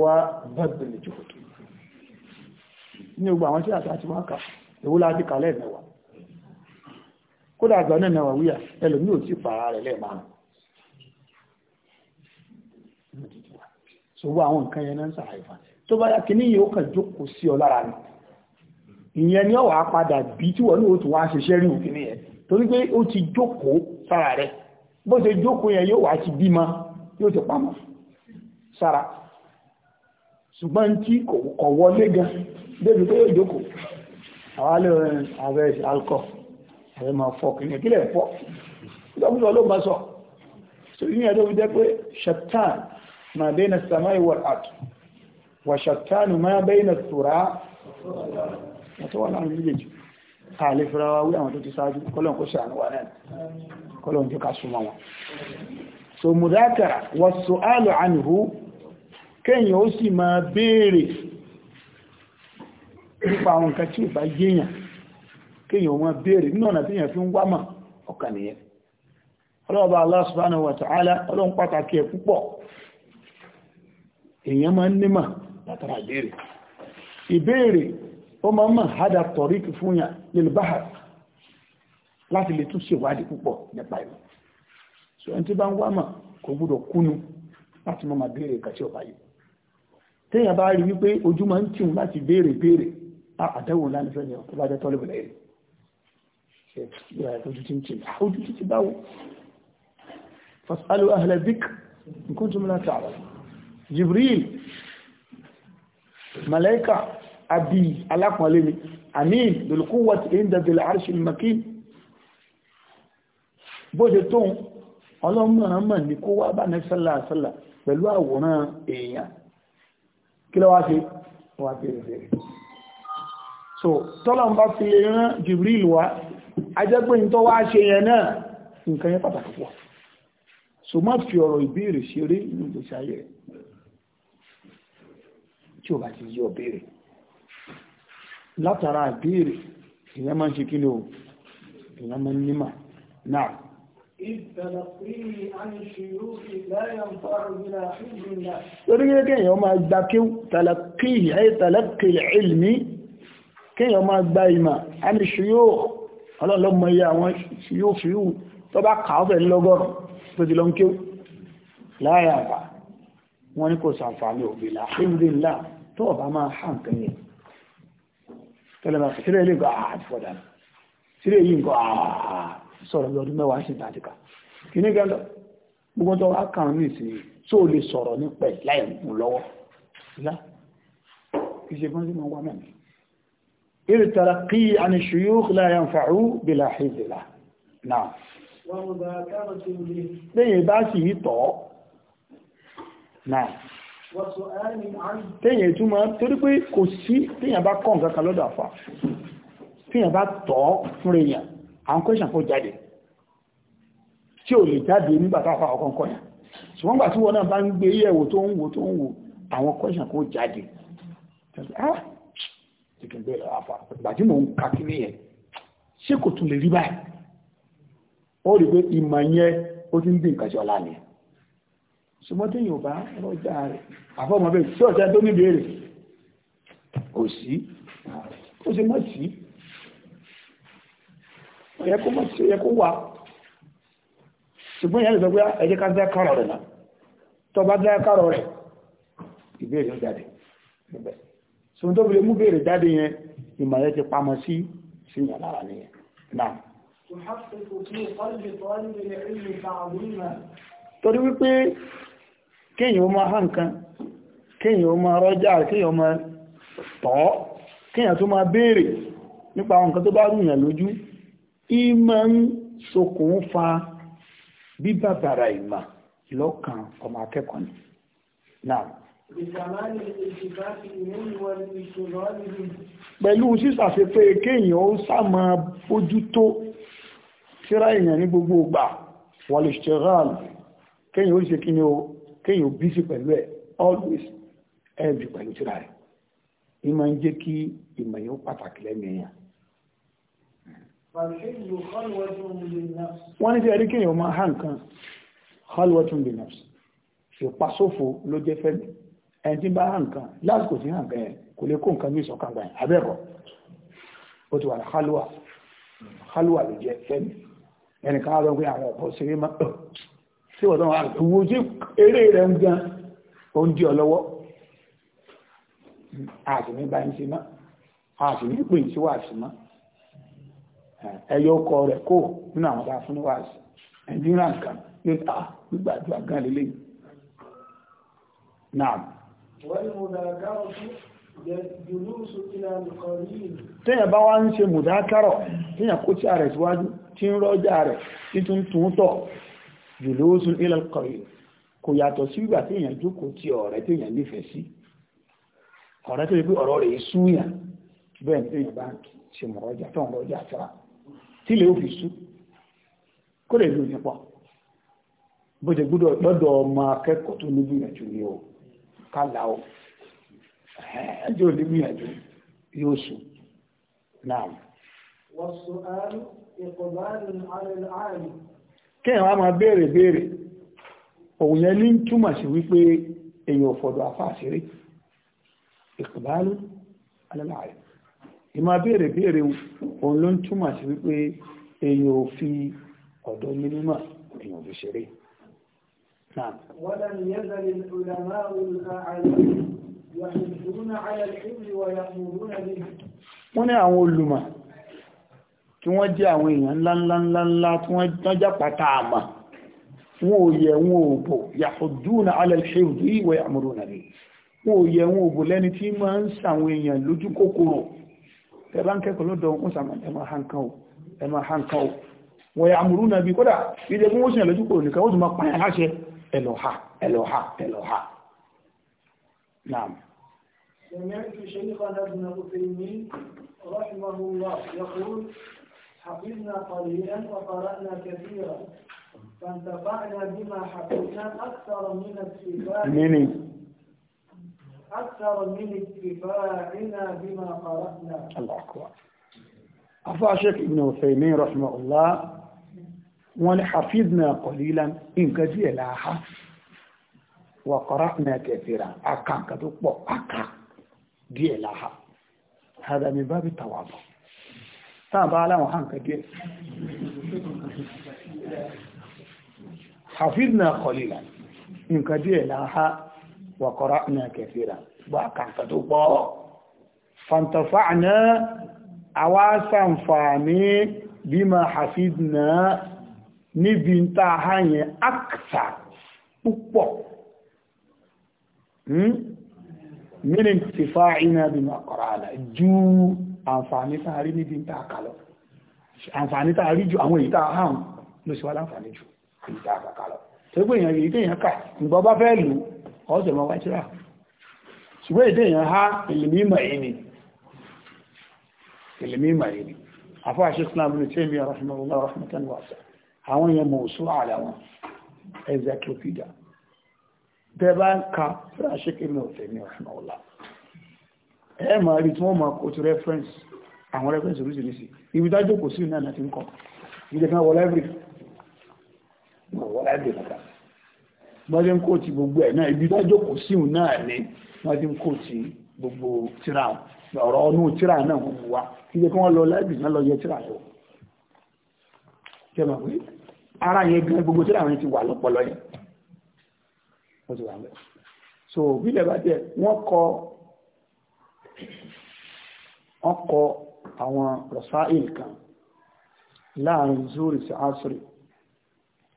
wa bẹ́ẹ̀bẹ̀lẹ̀ jòkòtò ní gbogbo àwọn tí àti wọ́n kà èwú láti kà lẹ́ẹ̀mẹ́wàá kódà àgbà náà náà wíyà ẹlòmí ò sí pàrà rẹ̀ lẹ́ẹ̀márùn ṣògbọ́n àwọn nǹkan yẹn náà ń sàáfà tó bá yá kìíní yóò kàn jókòó sí ọ lára rẹ̀ ìyẹn ni ọwà padà bí tí wọ́n ní òtún wá ṣiṣẹ́ rí òfin yẹn torí pé ó ti jókòó sára rẹ̀ bó ṣe jókòó yẹn yóò wá ti bímọ yóò ti pamọ́ sára ṣùgbọ́n tí kò wọlé gan débi pé yóò jókòó àwọn alẹ́ ààrẹ alkọ ààrẹ máa fọ kìíní kílẹ̀ fọ́ ìjọba ló bá sọ so ìyẹn tó fi jẹ́ pé ṣẹ̀tàn ما بين السماء والأرض وشتان ما بين الثراء وطوال عن الجيج ààlè fẹ́ra wá wí àwọn tó ti sáájú kọlọ̀n kó ṣàánú wà náà kọlọ̀n jẹ́ ká súnmọ́ wọn so mudakara wa su'alu anhu kẹ́yìn ó sì máa béèrè nípa àwọn nǹkan tí ìbá yíyàn kẹ́yìn ó máa béèrè nínú ọ̀nà fi ń wá mọ̀ ọ̀kan nìyẹn ọlọ́ọ̀bá Allah subhanahu wa ta'ala ọlọ́run pàtàkì ẹ̀ púpọ̀ èèyàn máa ń nímà látara ìbéèrè ìbéèrè ó máa ń mọ̀ hádà tọ̀ríkì fún yà lil bahar láti lè tún ṣèwádìí púpọ̀ nípa ìwọ̀n so ẹni tí bá ń wá mà kò gbúdọ̀ kúnu láti mọ́ máa béèrè kàtí ọba yìí téèyàn bá rí wípé ojú máa ń tìun láti béèrè béèrè àtẹ́wò láti fẹ́ ni ọ̀tọ́ bá jẹ́ tọ́lẹ̀ bẹ̀rẹ̀ ojú tí báwo fasalu ahla dhikr in kuntum la ta'lamun jibril malaika abi alápọ̀nlé ni amin dulkuwat inda dul arshil makin bóde tó ọlọ́mọ̀rànmọ̀ ní kó wá bá ní sálàsálà pẹ̀lú àwòrán èèyàn kí lọ́wọ́ sí wà bèèrè bèèrè so tọ́lọ̀n bá fi lè rán Jibril wá ajẹ́gbẹ́ tó wá ṣe yẹn náà nǹkan yẹn pàtàkì pọ̀ so má fi ọ̀rọ̀ ìbéèrè ṣeré nínú ìgbésí ayé rẹ̀ tí ò bá ti yí ọ̀bẹ̀rẹ̀ látara ìbéèrè ìyẹn máa ń ṣe kílò ìyẹn máa ń nímà náà torí gẹ́gẹ́ kéèyàn máa gba kí tàlàkìí ayé tàlàkìí ilmi kéèyàn máa gba ìmà a ní ṣíyó ọlọ́lọ́mọ iye àwọn ṣíyó fíyú tó bá kàáfẹ́ lọ́gọ́rùn tó tó ọ̀bá máa hàn kan yẹn tẹ́lẹ̀ máa fẹ́rẹ́ ilé gbà àti fọ́dà sílẹ̀ yìí nǹkan ah, sọ̀rọ̀ lọ́dún mẹ́wàá sí ìdájíkà kì ní gẹ́lọ́ gbogbo tó wá kàn ní ìsìn tó lè sọ̀rọ̀ nípa láì mú lọ́wọ́ lá kì í ṣe fún sí máa wá mẹ́rin إذ ترقي عن الشيوخ لا ينفع بلا حفظ له نعم ومذاكرة به ليه باسي طو نعم téèyàn tún máa torí pé kò sí téèyàn bá kọ́ nǹkan kan lọ́dọ̀ àfà téèyàn bá tọ́ fún èèyàn àwọn kọ́ṣàn kó jáde tí ò lè jáde nígbà táwọn àwọn kan kọ́yàn ṣùgbọ́n gbà tí wọ́n náà bá ń gbé yẹ̀wò tó ń wò tó ń wò àwọn kọ́ṣàn kó jáde ah! ìgbà tí mò ń ka kí nìyẹn ṣé kò tún lè rí báyìí ṣùgbọ́n tí yóò bá rọ́jà rẹ̀ àfọ́mọ́ tí ọ̀sẹ̀ tó níbi èrè kò sí ó sí ẹ̀yẹ kó mọ̀ sí wà ṣùgbọ́n ìyá lè sọ ah, ká dá kárọ̀ rẹ̀ náà tó bá dá kárọ̀ rẹ̀ ìbéèrè jáde níbẹ̀ ṣùgbọ́n mú béèrè jáde yẹn ìmọ̀ ti pamọ́ sí sí torí wípé kéèyàn ó máa há nǹkan kéèyàn ó máa rọ́jà kéèyàn ó máa tọ́ kéèyàn tó máa béèrè nípa àwọn nǹkan tó bá rùyàn lójú ìmọ̀ ń ṣokùnfà bíbàbàrà ìmọ̀ ìlọ́kàn ọmọ akẹ́kọ̀ọ́ ni náà pẹ̀lú sísàfẹ́fẹ́ kéèyàn ó sáàmà bójútó síra èèyàn ní gbogbo ìgbà wà lè ṣe ó ṣe kí ni ó kéèyàn bísí pẹ̀lú ẹ̀ always ẹ̀ẹ́dì pẹ̀lú tíra rẹ̀ ní máa ń jẹ́ kí ìmọ̀ yóò pàtàkì lẹ́mìíyàn. wọ́n ní sí ẹ̀rí kéèyàn máa há nǹkan halwatun bin nafs ìpasófo ló jẹ́ fẹ́mi ẹni tí bá há nǹkan lásìkò tí há nǹkan yẹn kò lè kó nǹkan ní ìsọ̀kan gbà yẹn abẹ́ẹ̀kọ́ ó ti wà ní halwa halwa ló jẹ́ fẹ́mi ẹnìkan á lọ pé àwọn ọ̀pọ̀ ṣeré máa sí wọ́n tán wà eré rẹ̀ ń gan ó ọlọ́wọ́ ọ àti ní báyìí sí àti ní tí wà sí mọ́ ẹyọ rẹ̀ kó nínú àwọn bá fún níwáàsí ẹ̀dínrà nǹkan ní ta náà bá wá ń mùdákárọ̀, kó tí a rẹ̀ síwájú, tí ń rọ́jà rẹ̀, títún jùlọ́sùn ilẹ̀ kọ̀ọ̀yì kò yàtọ̀ sí ìgbà tí èèyàn jókòó ti ọ̀rẹ́ tí èèyàn nífẹ̀ẹ́ sí ọ̀rẹ́ tó yẹ pé ọ̀rọ̀ rẹ̀ súyà bẹ́ẹ̀ ní èèyàn bá ń ṣe mọ̀rọ̀jà tó ń rọjà sára tí lè ó fi sú kó lè lò nípa bó ṣe gbọ́dọ̀ lọ́dọ̀ ọmọ akẹ́kọ̀ọ́ tó ní gbìyànjú ni ó kálá o ẹjọ́ ò ní gbìyànjú yóò sùn náà. wọ́n sọ àrùn ìkọ̀bá kéèyàn wá máa béèrè béèrè òun yẹn ní túmọ̀ sí wípé èèyàn ọ̀fọ̀dọ̀ afáàṣírí ìpàbálú alálàáyé ìmọ̀ béèrè béèrè òun ló ń túmọ̀ sí wípé èèyàn ò fi ọ̀dọ̀ mínímọ̀ èèyàn fi ṣeré نعم ولم يزل العلماء wọ́n ní àwọn olùmọ̀ tí wọ́n jẹ́ àwọn èèyàn ńláńláńlá tí wọ́n jẹ́ pàtà àmà fún òye wọn òbò yàfọ̀dúnà alẹ́ṣẹ́rù ìwẹ̀ àmúrò nà rí fún òye wọn òbò lẹ́ni tí máa ń sàwọn èèyàn lójú kòkòrò tẹ́bá ń kẹ́kọ̀ọ́ lọ́dọ̀ wọn sàmà ẹmà hankan يقول حفظنا قليلا وقرأنا كثيرا فانتفعنا بما حفظنا أكثر من اكتفاء أكثر من اكتفاءنا بما قرأنا الله أكبر أفع شيخ ابن وثيمين رحمه الله wọ́n حفظنا قليلا ان díẹ̀ وقرأنا كثيرا أكا كتب أكا tó هذا من باب التواضع sáàbá aláwọ̀ hàn kàdíẹ̀ hafizna kọlìlà nǹkan díẹ̀ láha wà kọ́rọ̀ ní kẹfìrà bá kàǹkà tó pọ̀ fantafa na àwá sàǹfààní bí ma hafizna níbi ta hanyẹ aksa púpọ̀ hmm? minin tifa ina bí ma kọ́rọ̀ àǹfààní tá a rí níbi ń tàà kálọ̀ àǹfààní tá a rí ju àwọn èyí tá a hàn ló sì wá láǹfààní ju èyí tá a kà kálọ̀ tó gbé èèyàn èyí téèyàn kà ǹgbọ́n bá fẹ́ lò ọ̀sẹ̀ mọ́ wájúrà ṣùgbọ́n èyí téèyàn há ìlìmí mọ̀ èyí ni ìlìmí mọ̀ èyí ni àfọ́ àṣẹ islam ní tẹ́mi rahimahullah rahmatan wasa àwọn èèyàn mọ̀ òṣù àlà wọn encyclopedia bẹ́ẹ̀ bá ń ka fún àṣẹ kí ní ẹ máa rí tí wọ́n máa kó ti reference àwọn reference oríṣiríṣi ibi dájú kò sí náà láti ń kọ́ ìjẹ́ kan wọ library wọ library kàkà wọ́n ti ń kó ti gbogbo ẹ̀ náà ibi dájú kò sí náà ni wọ́n ti ń kó ti gbogbo tíra ọ̀rọ̀ ọ̀nù tíra náà wọ́n mú wa ìjẹ́ kan wọ́n lọ library náà lọ yẹ tíra yọ kẹmọ̀ pé ara yẹn gan gbogbo tíra yẹn ti wà lọ́pọlọ yẹn ó ti so bí lẹ́bàá jẹ́ wọ́n kọ wọ́n kọ àwọn rọ̀sáìl kan láàrin zuri sí asiri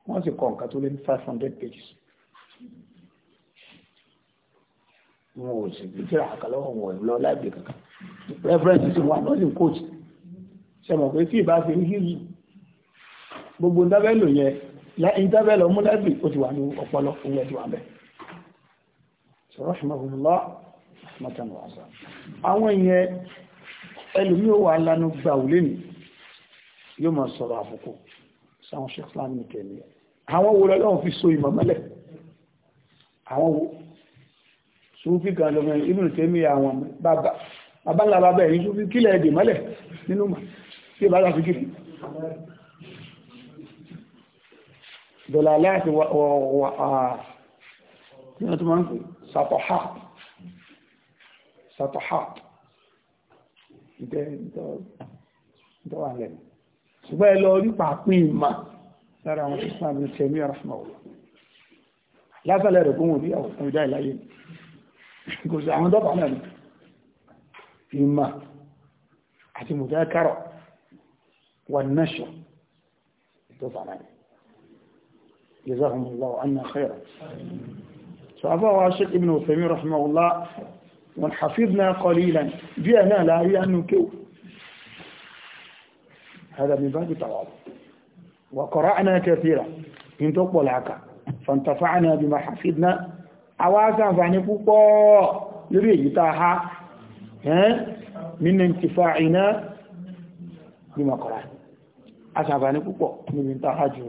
wọ́n sì kọ nǹkan tó lé ní 500 pages wọn ò sì gbé tíra àkàlọ́wọ̀ wọ̀n lọ láìpẹ́ kankan reference sí wọn lọ́sì coach ṣẹmọ̀ pé tí ìbá fi rí gbogbo ìdábẹ́lò yẹn ìdábẹ́lò mú láìpẹ́ ó ti wà ní ọpọlọ owó ẹ̀ ti wà bẹ́ẹ̀ sọ̀rọ̀ ṣùgbọ́n mọ́tànwàṣà àwọn ìyẹn ẹlùmí ó wà lánú gbà ò lẹ́nu yóò máa sọ̀rọ̀ àbùkù sáwọn ṣẹ́fúlán ní kẹ́mi àwọn wo lọ́wọ́ fi so ìmọ̀ mọ́lẹ̀ àwọn wo sùúfì kan lọ́mọ inú tẹ́mi àwọn bàbá abala bàbá ẹ̀yìn sùúfì kílẹ̀ èdè mọ́lẹ̀ nínú mà sí ìbára fi kiri dọ̀là aláàfin wà wà wà tí wọ́n tún máa ń pè sàpọ̀ hápù sọtọ̀hát ìdọ́wàlẹ̀ ṣùgbọ́n ẹ lọ rí pàápín ìmọ̀ lára àwọn islam ní tẹ̀mí ọ̀rọ̀fúnmọ̀wò lásàlẹ̀ rẹ̀ kún òní àwọn ìdá ìláyé kò sí àwọn dọ́pàá náà ìmọ̀ àti mùdákàrọ̀ wà náṣọ̀ ìtọ́fà náà جزاهم الله عنا خيرا فأبوى الشيخ ابن وثيمين رحمه الله wọn hafizna qalilan díẹ̀ náà láàrí ánú kéwù هذا من باب التواضع وقرأنا كثيرا in tó pọ̀ láàkà fantafa'ana bima hafidna awáṣà àǹfààní púpọ̀ lórí èyí tá a ha ẹ́n nínú intifa'ina bima púpọ̀ níbi tá ha jù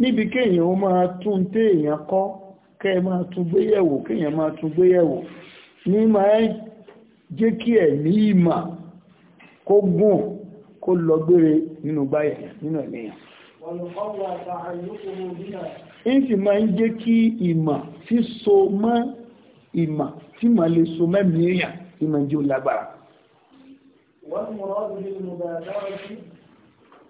níbi kéèyàn ó máa tún téèyàn kọ́ kẹ́ máa tún gbéyẹ̀wò kéèyàn máa tún gbéyẹ̀wò ní máa jẹ́ kí ẹ̀mí ìmà kó gùn kó lọ gbére nínú gbáyẹ̀ nínú ẹ̀míyàn ń sì máa ń jẹ́ kí ìmà tí so mọ́ ìmà tí ma lè so mẹ́mí ìmà jẹ́ olágbára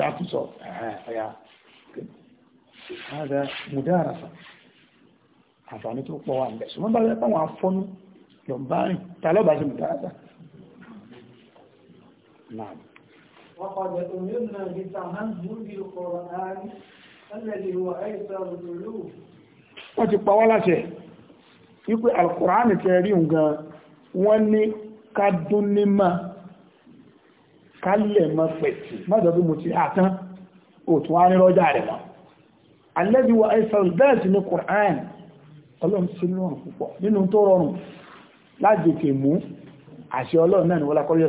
تعطي صوت هذا مدارسة àǹfààní tó pọ̀ wà ń bẹ̀ ṣùgbọ́n bá rẹ̀ pàwọn afọ́nú lọ́mbá rìn tàlọ́bà sí mùtàrátà náà وقد أمرنا بتمهل القرآن الذي هو أيسر العلوم wọ́n ti pa wá láṣẹ wípé alkùránì tẹ́rí ǹgan wọ́n ní kádún kálẹ̀ mọ́ pẹ̀tì mọ́jọ bí mo ti àtán òtún wá nírọ́jà rẹ̀ mọ́ alẹ́bí wa ẹ̀sọ̀ bẹ́ẹ̀sì ní Qur'an ọlọ́run sí lọ́rùn púpọ̀ nínú tó rọrùn lájòkè mú àṣẹ ọlọ́run náà ni wọ́n lakọ́ yẹ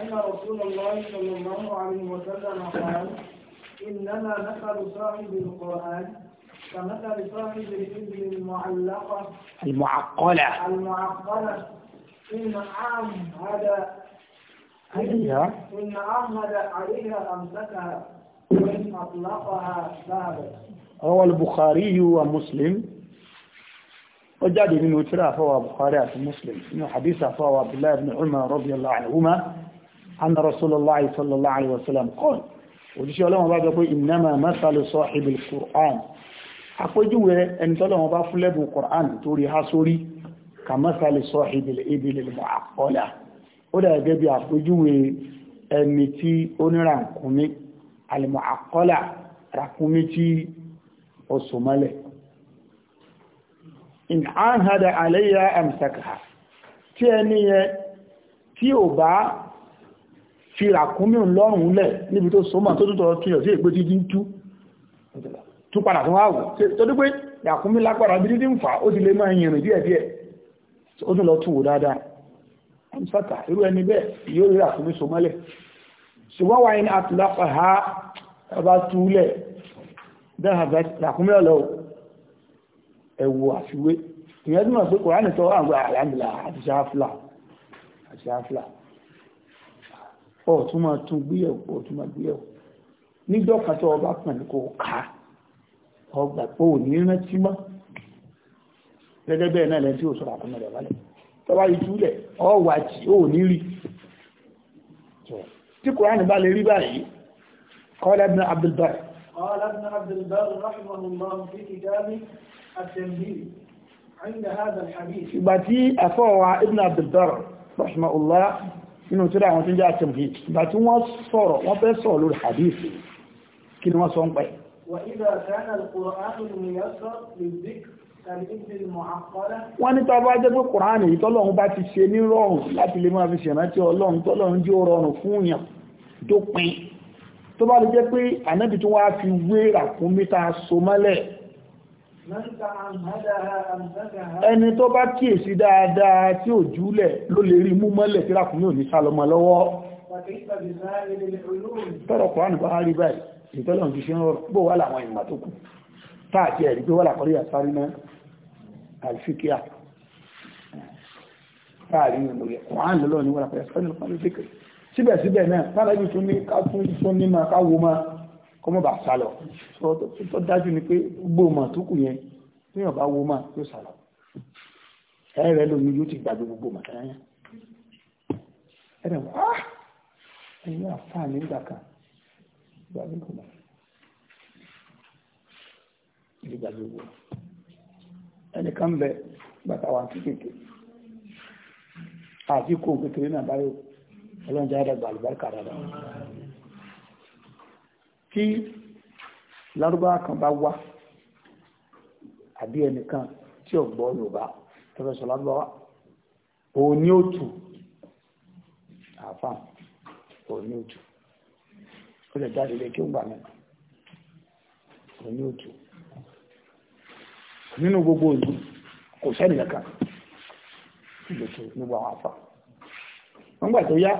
أن رسول الله صلى الله عليه وسلم قال إنما مثل صاحب القرآن كمثل صاحب الإبل المعلقة المعقلة المعقلة إن عام هذا إن أحمد عليها أمسكها وإن أطلقها ذهبت روى البخاري ومسلم وجاد من وتراه هو بخاري ومسلم من حديث فهو عبد الله بن عمر رضي الله عنهما anna rasulullah sallallahu alaihi wasallam qala òjíṣẹ́ ọlọ́wọ́n bá gbogbo innama masalu sahibil qur'an àpójúwẹ ẹni tọ́lọ́wọ́n bá fúlẹ́bùn qur'an torí ha sórí ka masali sahibil ibil mu'aqqala ó dà gẹ́gẹ́ bí àpójúwẹ ẹni tí ó ní ràkúnmí al-mu'aqqala ràkúnmí tí ó sùmọ́lẹ̀ in ahada alayya amsakaha tí ẹni yẹ tí ò fi ràkúnmí lọ́rùn lẹ̀ níbi tó sọmọ̀ tó tó tọrọ túyọ̀ sí èpé títí tú tú padà fún àwò tó dé pé ràkúnmí lágbára bí títí ń fà ó ti lè máa yìnrìn díẹ̀ díẹ̀ ó tún lọ túwò dáadáa ń sọ́tà irú ẹni bẹ́ẹ̀ yóò rí ràkúnmí so mọ́lẹ̀ ṣùgbọ́n wáyé ní atúlápà ha ọba túlẹ̀ bẹ́ẹ̀ ràkúnmí ọ̀lọ́ ẹ̀wọ̀ àfiwé ìyẹn tí wọ́n pé kòránì tọ́ àwọn àlàmìlà àti ṣáfìlà ọ̀tún máa tún gbéyẹ̀wò ọ̀tún máa gbéyẹ̀wò níjọ́ kan tó ọba pẹ̀lú kò ká ọgbà pé ò ní rántí mọ́ gẹ́gẹ́ bẹ́ẹ̀ náà lẹ́yìn tí ò sọ̀rọ̀ àkọ́mọ̀ rẹ̀ wálẹ̀ tọ́wá ìtúlẹ̀ ọwà tí ò ní rí tí kòránì bá lè rí báyìí kọ́lá ibn Abdul قال ابن عبد البر رحمه الله في كتابه التنبيه عند هذا الحديث ìgbà tí àfọwà ibn Abdul Barr الله nínú tí àwọn tí ń jẹ́ àtìmì ìgbà tí wọ́n sọ̀rọ̀ wọ́n fẹ́ sọ̀rọ̀ lórí hadith kí ni wọ́n sọ ń pẹ́ wọ́n ní tàbá jẹ́ pé kùránì ìtọ́lọ́run bá ti ṣe ní rọrùn láti lè máa fi ṣèrántí ọlọ́run tọ́lọ́run jí ó rọrùn fún èèyàn tó pin tó bá lè jẹ́ pé ànábì tó wá fi wé ràkúnmí ta so ẹni tó bá kíyèsí dáadáa tí ò júlẹ̀ ló lè rí mú mọ́lẹ̀ tí rákùnrin ò ní sálọmọ lọ́wọ́ tọ́rọ kọ̀ánù bá rí báyìí ìtọ́lọ̀ ti ṣe ń rọrùn bó wà láwọn ìmà tó kù táàkì ẹ̀rí pé wà lákọ̀rí àsárí náà àìfíkíà láàrin ìmòyẹ̀ kọ̀ánù lọ́lọ́ ni wà náà kó mọ̀ bá sálọ tó dájú ni pé gbogbo mọ̀ tó kù yẹn tí yàn bá wo mọ̀ yóò sálọ ẹ̀rẹ́ lómi yóò ti gbàgbé gbogbo mọ̀ tẹ́yẹn ẹ̀rẹ́ wọ́n á ah! ẹ̀yìn àfáà nígbà kan gbàgbé gbogbo mọ̀ ìgbà gbogbo ẹnìkan bẹ bàtà wà sí kéèké àti kò kékeré náà báyìí ọlọ́njẹ́ àdàgbà àlùbáríkà dáadáa tí lárúbáwá kan bá wá àbí ẹnìkan tí ò gbọ́ yorùbá tó fẹ́ sọ lárúbáwá òun ni ó tù àfà òun ni ó tù ó lè jáde lé kí ó gbà mí òun ni ó tù nínú gbogbo ìlú kò sẹ́ni kankan lòtò nígbà àwọn àfà wọ́n gbà tó yá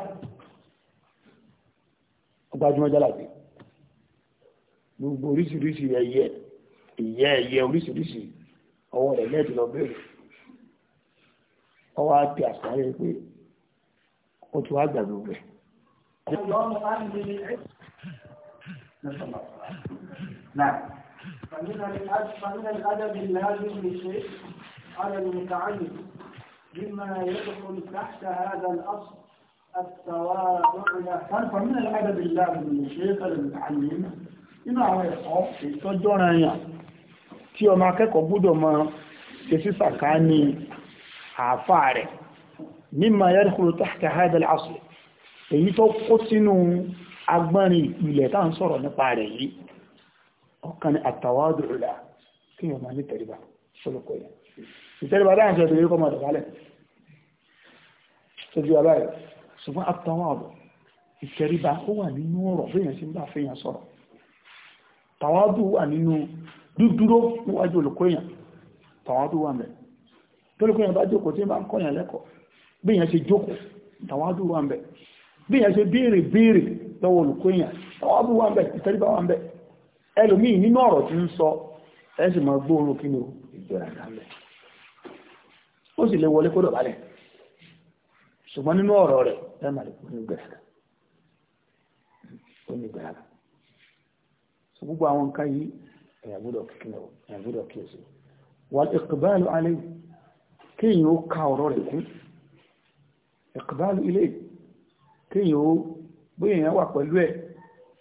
ọgbà jùmọ̀ jálàbí gbogbo oríṣiríṣi ẹyẹ ìyẹ́ ẹyẹ oríṣiríṣi ọwọ́ rẹ̀ lẹ́ẹ̀dì lọ bẹ̀rẹ̀ ọwọ́ àti àṣàyẹ pé ó tún wá gbàgbé rẹ̀. فمن الأدب اللازم للشيخ على المتعلم مما يدخل تحت هذا الأصل التواضع له فمن الأدب اللازم للشيخ على المتعلم nínú àwọn ẹ̀kọ́ ìtọ́jọ́ra yàn tí ọmọ akẹ́kọ̀ọ́ gbọ́dọ̀ mọ ṣe sísà ká ní àáfàá rẹ̀ mímọ yẹ́rìkúrò tàkà haidal asùn èyí tó kó sínú agbọ́nrin ìpìlẹ̀ tá ń sọ̀rọ̀ nípa rẹ̀ yìí ọ̀kan ni àtàwádùrùlà kí yọ ma ní tẹ̀ríba olùkọ́ yẹn ìtẹ̀ríba dáhùn sọ̀rọ̀ tàwádù wà nínú dúdúró níwájú olùkóyàn tàwádù wà mẹ́ tólùkóyàn bá jókòó tí bá ń kọ́yàn lẹ́kọ̀ọ́ bí èèyàn ṣe jókòó tàwádù wà mẹ́ bí èèyàn ṣe béèrè béèrè lọ́wọ́ olùkóyàn tàwádù wà mẹ́ ìtẹ́ríbá wà mẹ́ ẹlòmíì nínú ọ̀rọ̀ tí ń sọ ẹ sì máa kí ni o ìgbéraga mẹ́ ó sì lè wọlé kó dọ̀bálẹ̀ gbogbo àwọn nǹkan yìí ẹ̀yà gbọ́dọ̀ kíyèsí wal iqbalu alayhi kéèyàn ó ka ọ̀rọ̀ rẹ̀ kú iqbalu ilayhi kéèyàn ó bóyá èèyàn wà pẹ̀lú ẹ̀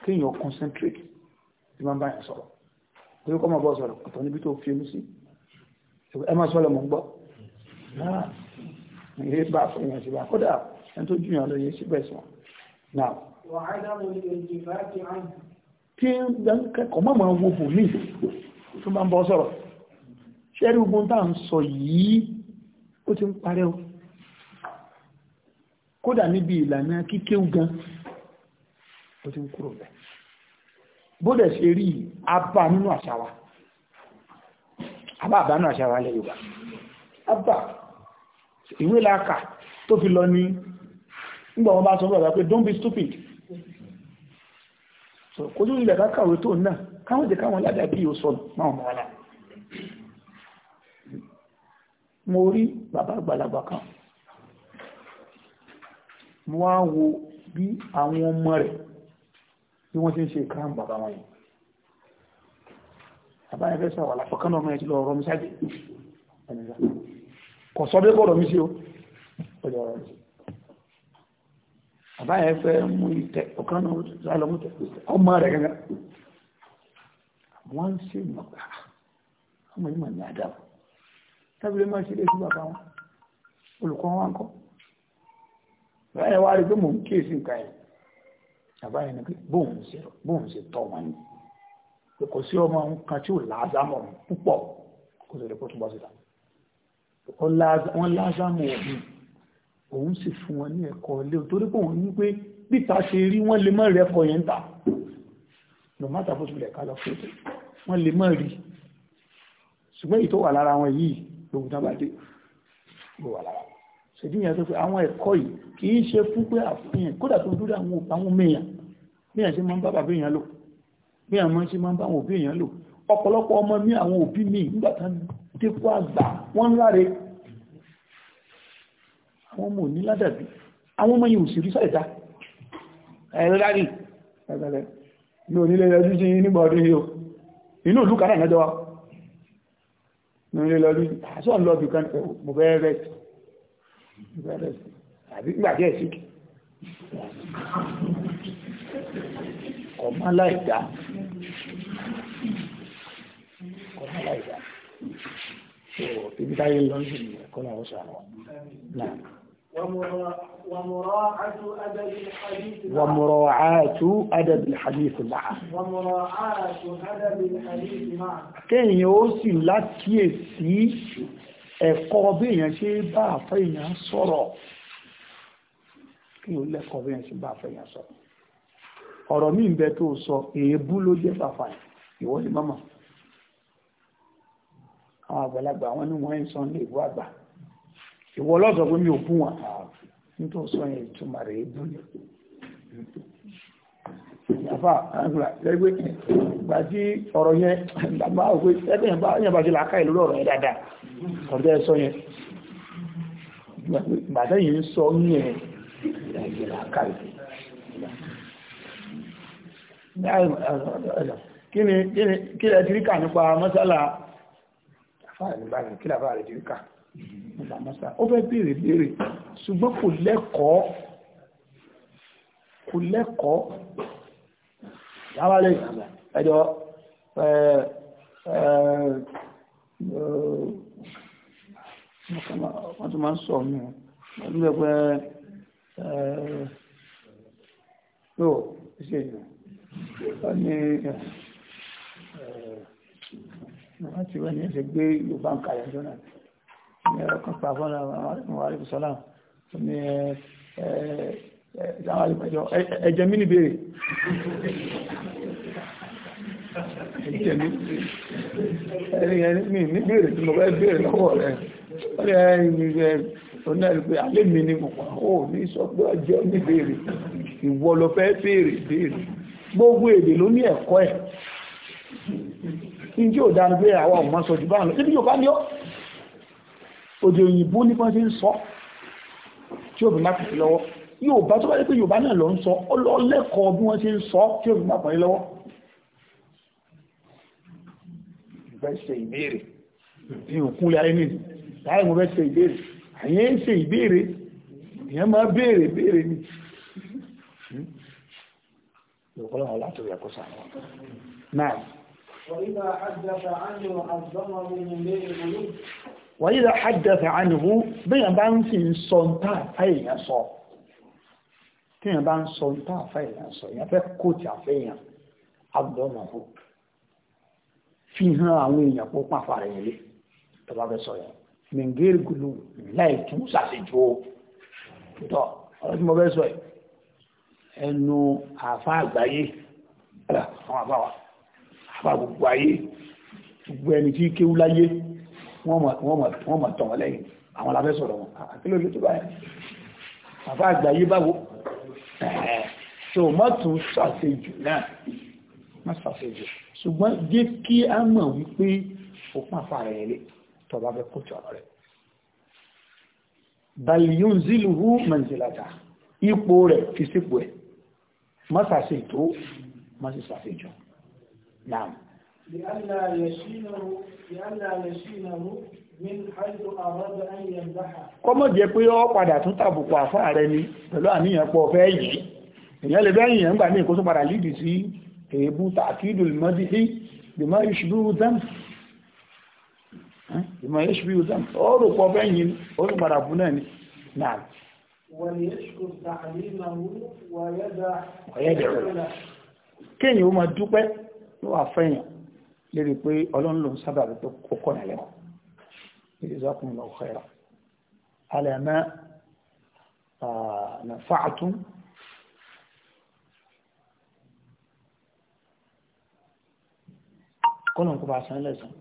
kéèyàn ó concentrate bí wọ́n bá yẹn sọ̀rọ̀ bóyá kọ́ máa bọ́ sọ̀rọ̀ ọ̀tọ̀ níbi tó fi ẹnu sí ẹ máa sọ́lọ̀ mọ̀ ń gbọ́ ah, náà ilé bá fún yẹn síbá kódà ẹni tó jù yàn lọ yẹ síbẹ̀ sùn náà. wàhálà mo lè jìbá ti àná tí ń kẹ́kọ̀ọ́ mọ́mọ́ wo bò mí tó máa ń bọ́ sọ̀rọ̀ ṣẹ́rí ogun tá ń sọ yìí ó ti ń parẹ́ o kódà níbi ìlànà kíkéwù gan ó ti ń kúrò bẹ́ẹ̀ bódẹ̀ ṣe rí abá nínú àṣà abá àbá nínú Yorùbá abá ìwé tó pé don't be stupid so kò lórí ilẹ̀ kákàwé tó náà káwọn jẹ káwọn ládàá bí yóò sọnù máa mọ̀ ọ́nà mo rí bàbá àgbàlagbà kan mo wá wo bí àwọn ọmọ rẹ̀ bí wọ́n ti ń ṣe ìkàrán bàbá wọn yìí bàbá yẹn fẹ́ sọ ọmọ yẹn lọ ọ̀rọ̀ mi sáàjì kò sọ sí o bàbá yẹn fẹ́ mú ìtẹ́ ọ̀kan náà sálọmú tẹ̀ ọmọ rẹ̀ gẹ́gẹ́ wọ́n sì mọ̀ pé ah, ọmọ yìí mà ní àdáwò tábìlì máa ṣe lé sí bàbá wọn olùkọ́ wọn kọ́ bàbá yẹn wá rí pé mò ń kíyèsí nǹkan yẹn bàbá yẹn ni pé bóun ṣe tọ́ wọn ni pé kò sí ọmọ nǹkan tí ò láàzámọ̀ púpọ̀ kó tó lè kó tó wọ́n láàzámọ̀ òbí òun sì fún wọn ní ẹ̀kọ́ ilé torí pé òun ní pé bíta ṣe rí wọ́n lè mọ́ rí ẹ̀kọ́ yẹn ta no matter bó tilẹ̀ ká lọ fún ètò wọ́n lè mọ́ rí ṣùgbọ́n èyí tó wà lára wọn yìí lòun náà bá dé ló wà lára ṣèjú yẹn tó fi àwọn ẹ̀kọ́ yìí kì í ṣe fún pé àfihàn kódà tó dúró àwọn àwọn mẹ́yàn mẹ́yàn ṣe máa ń bá bàbá èèyàn lò mẹ́yàn máa ń ṣe máa ń bá àwọn òbí èèyàn lò ọ̀pọ̀lọpọ̀ àwọn ọmọ òní ládàbí àwọn ọmọ yìí ò sì rí sọ́ìdá ẹ̀rọ rárì ẹ̀rẹ̀ ní onílé lọ́dún sí nígbà ọdún yìí o inú ìlú kan náà lọ́jọ́ wa ní onílé lọ́dún àṣọ ń lọ́bì kan mo fẹ́ rẹ̀ àbí nígbà díẹ̀ sí ọmọ aláìdá ọmọ aláìdá so ibi táyé lọ́dún ẹ̀kọ́ làwọn sọ àwọn náà ومراعاة أدب الحديث ومراعاة أدب الحديث معه ومراعاة أدب الحديث معه kéèyàn ó sì lákíyèsí ẹ̀kọ́ bí èèyàn ṣe bá o lẹ́kọ̀ọ́ bí ń bẹ tó sọ èébú ló jẹ́ fàfà ìwọ́n ni mọ́mọ́ àwọn àgbàlagbà wọn ni wọ́n ń sọ ní èébú àgbà ìwọ lọ́sọ̀ pé mi ò fún wọn nítorí sọ yẹn ìtumọ̀ rẹ̀ é bú ni àfà àgbà lẹ́gbẹ́ gbà tí ọ̀rọ̀ yẹn bàbá òkú ẹgbẹ́ yẹn bá yẹn bá ṣe làákà ìlú ọ̀rọ̀ yẹn dáadáa ọ̀dọ́ ẹ sọ yẹn bàtà yìí ń sọ yẹn ẹgbẹ́ làákà ìlú kí ni kí ni kí ni ẹ ti rí kà nípa mọ́sálà àfà àgbà kí ni àfà rẹ̀ ti rí kà mọ́sàmọ́sà ó fẹ́ béèrè béèrè ṣùgbọ́n kò lẹ́kọ̀ọ́ kò lẹ́kọ̀ọ́ yàwálẹ̀ ẹjọ́ wọ́n tún máa ń sọ mí wọ́n tún pẹ́ tó ṣe wọ́n ní láti wọ́n ní ẹ̀ṣẹ̀ gbé Yorùbá ń kàrẹ̀ jọ́nà ọkàn pàfọ́nà àríkùn sọ́làm ní ẹjẹ́ mí níbèrè ẹni ní bèrè tí mo fẹ́ bèrè lọ́wọ́ rẹ̀ wọ́n lè ẹ̀yìn ọ̀nà ìpé alẹ́mì ní pọ̀pọ̀ ó ní sọ pé ọjọ́ ní bèrè ìwọ lọ fẹ́ bèrè bèrè gbogbo èdè ló ní ẹ̀kọ́ ẹ̀ ní tí ò dáa ní pé àwọn ọmọ sọ jù báyìí lọ òdì òyìnbó ní fọ́n ṣe ń sọ tí ó fi máa pẹ̀lú lọ́wọ́ Yorùbá tó bá yẹ pé Yorùbá náà lọ ń sọ ọlọ́lẹ́kọ̀ọ́ bí wọ́n ṣe ń sọ tí ó fi máa pẹ̀lú lọ́wọ́ fẹ́ ṣe ìbéèrè ní òkúnlẹ̀ ayé nìdí ìyẹn máa béèrè béèrè ní ìrọ̀kọ́lọ́wọ́ láti rẹ̀ kó sàwọn náà wọ́n yíra hajjata ànìwú bíyàn bá ń fi sọ táàfà èèyàn sọ tíyàn bá ń sọ táàfà èèyàn sọ èèyàn fẹ́ kó tí a fẹ́ èèyàn agbọ́nàfò fi hàn àwọn èèyàn pọ́ pàfà rẹ̀ nílé tọba fẹ́ sọ yẹn mẹ́ngẹ́rì gùlù láì tún sàṣejò tọ́ ọ̀rọ̀ tí mo fẹ́ sọ yìí ẹnu àfà àgbáyé àwọn àbáwà àfà gbogbo ayé gbogbo ẹni tí kéwú láyé wọ́n mọ̀ tọ̀ wọ́n lẹ́yìn àwọn aláfẹ́ sọ̀rọ̀ wọn àkílò ló tó báyìí bàbá àgbáyé báwo tó mọ́ tún ṣàṣejù náà má ṣàṣejù ṣùgbọ́n jẹ́ kí a mọ̀ wípé òpin àfa rẹ̀ lè tọba fẹ́ kó tọ̀rọ̀ rẹ̀ baliyun ziluhu manzilata ipò rẹ̀ fi sípò ẹ̀ má ṣàṣejù má sì ṣàṣejù náà لئلا يشينه لئلا يشينه kọ́mọ̀ jẹ́ pé ó padà tún tàbùkù àfáà rẹ ni pẹ̀lú àníyàn pọ̀ fẹ́ yìí èyàn lè bẹ́yìn èyàn gbà ní ìkó tó padà lídì sí èébú tààkìdù lèmọ́dí sí ìmọ̀ ìṣubú zam ìmọ̀ ìṣubú zam ó rò pọ̀ fẹ́yìn ó tó padà bú náà ni náà wọ́n yẹ́ lérí pé ọlọ́run ló ń sábà tó kókó náà lẹ́kọ̀ọ́ jazakumullahu khairan ala ma nafa'tum kọ́nà kó bá san lẹ́sàn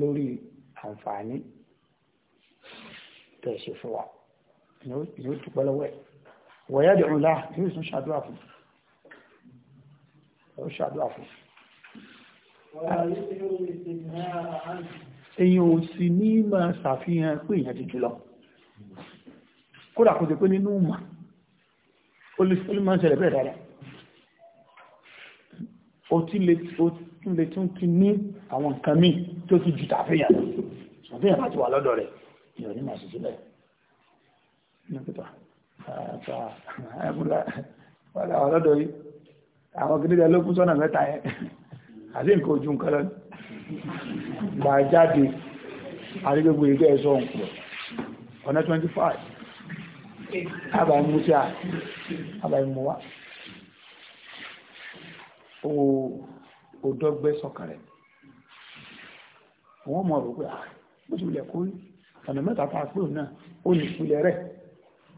lórí àǹfààní tẹ̀sí fún wa ni ó dúpẹ́ lọ́wọ́ ẹ̀ wọ̀nyá dùn láà yóò tún fún un ó ṣàdúrà fún èyàn ò sì ní máa ṣàfihàn pé èyàn ti jùlọ kódà kò jẹ́ pé nínú mà ó lè máa ṣẹlẹ̀ bẹ́ẹ̀ dáadáa ó tún lè tún ti ní àwọn nǹkan míì tí ó ti jù tàfihàn ṣàfihàn láti wà lọ́dọ̀ rẹ̀ èyàn ní máa ṣiṣẹ́ bẹ́ẹ̀ nígbàtà ẹ̀bùn àwọn kìdíjẹ ló kú sọ́nà mẹ́ta yẹn àti nǹkan ojú nǹkan lọ gbà jáde àti gbogbo ìgbẹ́ ẹ̀ṣọ́ òǹkùrọ̀ ọ̀nà 25 àbàí mú sí àbàí mú wá òdọ́gbẹ́ sọ̀kàrẹ̀ wọ́n mọ̀ rò pé ah, bó ti wùlẹ̀ kó ọ̀nà mẹ́ta pàápàá náà ó ní ìpìlẹ̀ rẹ̀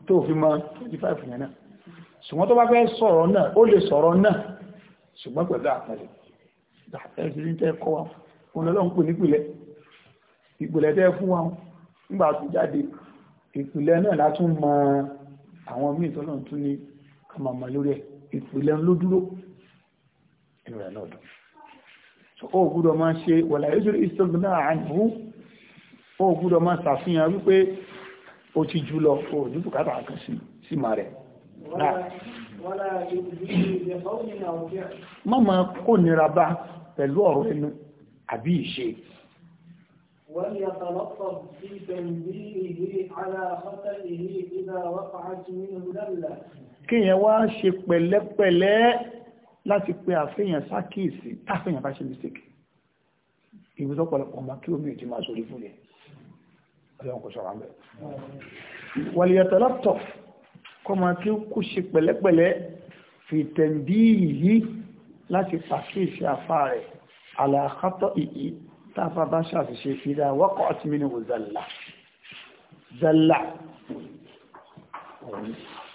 tó fi mọ́ 25 yẹn náà ṣùgbọ́n tó bá fẹ́ sọ̀rọ̀ náà ó lè sọ̀rọ̀ náà ṣùgbọ́n pẹ̀lú àpẹẹrẹ ẹ̀sìn tẹ́ kọ́ wa fún ọlọ́run pè nípìnlẹ̀ ìpìlẹ̀ tẹ́ fún wa nígbà tó jáde ìpìlẹ̀ náà látún mọ àwọn míì tọ́lọ́run tún ní kàmàmà lórí ẹ̀ ìpìlẹ̀ ló dúró inú rẹ̀ náà dùn ó gbúdọ̀ máa ṣe wọ̀lá ìṣòro ìṣòro náà àìhú ó gbúdọ̀ máa ṣàfihàn wípé ó ti jù lọ ó ní bùkátà kan sí màá rẹ̀ má máa kó nira bá pẹ̀lú ọ̀rọ̀ ẹnu àbí ìṣe. kíyàn wá ṣe pẹ̀lẹ́pẹ̀lẹ́ láti pe àfihàn sákìsì táfihàn bá ṣe mistake ìwúzọ́ pọ̀lọpọ̀ ma kí omi ìdí máa sórí fún ẹ̀ ọlọ́run kò sọ̀rọ̀ àmì wàlìyàtọ̀lọ́tọ̀ kọ́mọ kí kó ṣe pẹ̀lẹ́pẹ̀lẹ́ fìtẹ̀ǹbí yìí láti pàkíyèsí afá rẹ̀ àlàkátọ́ ìyí táfà bá ṣàṣìṣe ìdá wọ́kọ̀ ọtí mi ní wò zàlà zàlà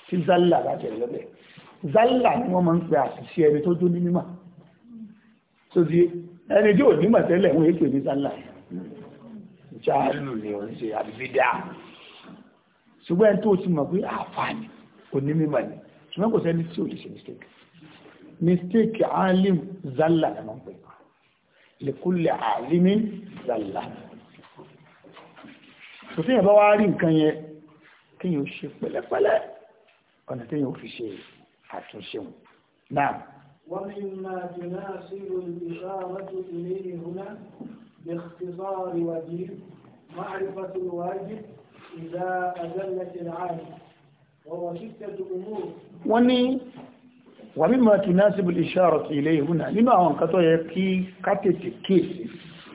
tí zàlà láti ẹ̀ lọ́bẹ̀ zàlà ni wọ́n máa ń pè àṣìṣe ẹni tó dún ní mímọ̀ tó di ẹni tí ò nímọ̀ tẹ́lẹ̀ wọ́n èpè ní zàlà jáàlù ni ò ń ṣe àbíbídà ṣùgbọ́n tó ti mọ̀ pé àfààní onímọ̀ ni ṣùgbọ́n kò sẹ́ni tí ò lè ṣe mistake mistake alim zalla ni wọ́n pè likulli alimin zalla sòfin ìbá wá rí nǹkan yẹn kí yóò ṣe pẹ̀lẹ́pẹ̀lẹ́ ọ̀nà tí yóò fi ṣe àtúnṣe náà. باختصار وجيه معرفة الواجب إذا أذلت العالم wọ́n ní wàmí máa tún náà síbò lè ṣàrọ̀ sí ilé ìhùn náà nínú àwọn nǹkan tó yẹ kí kátètè kéèsì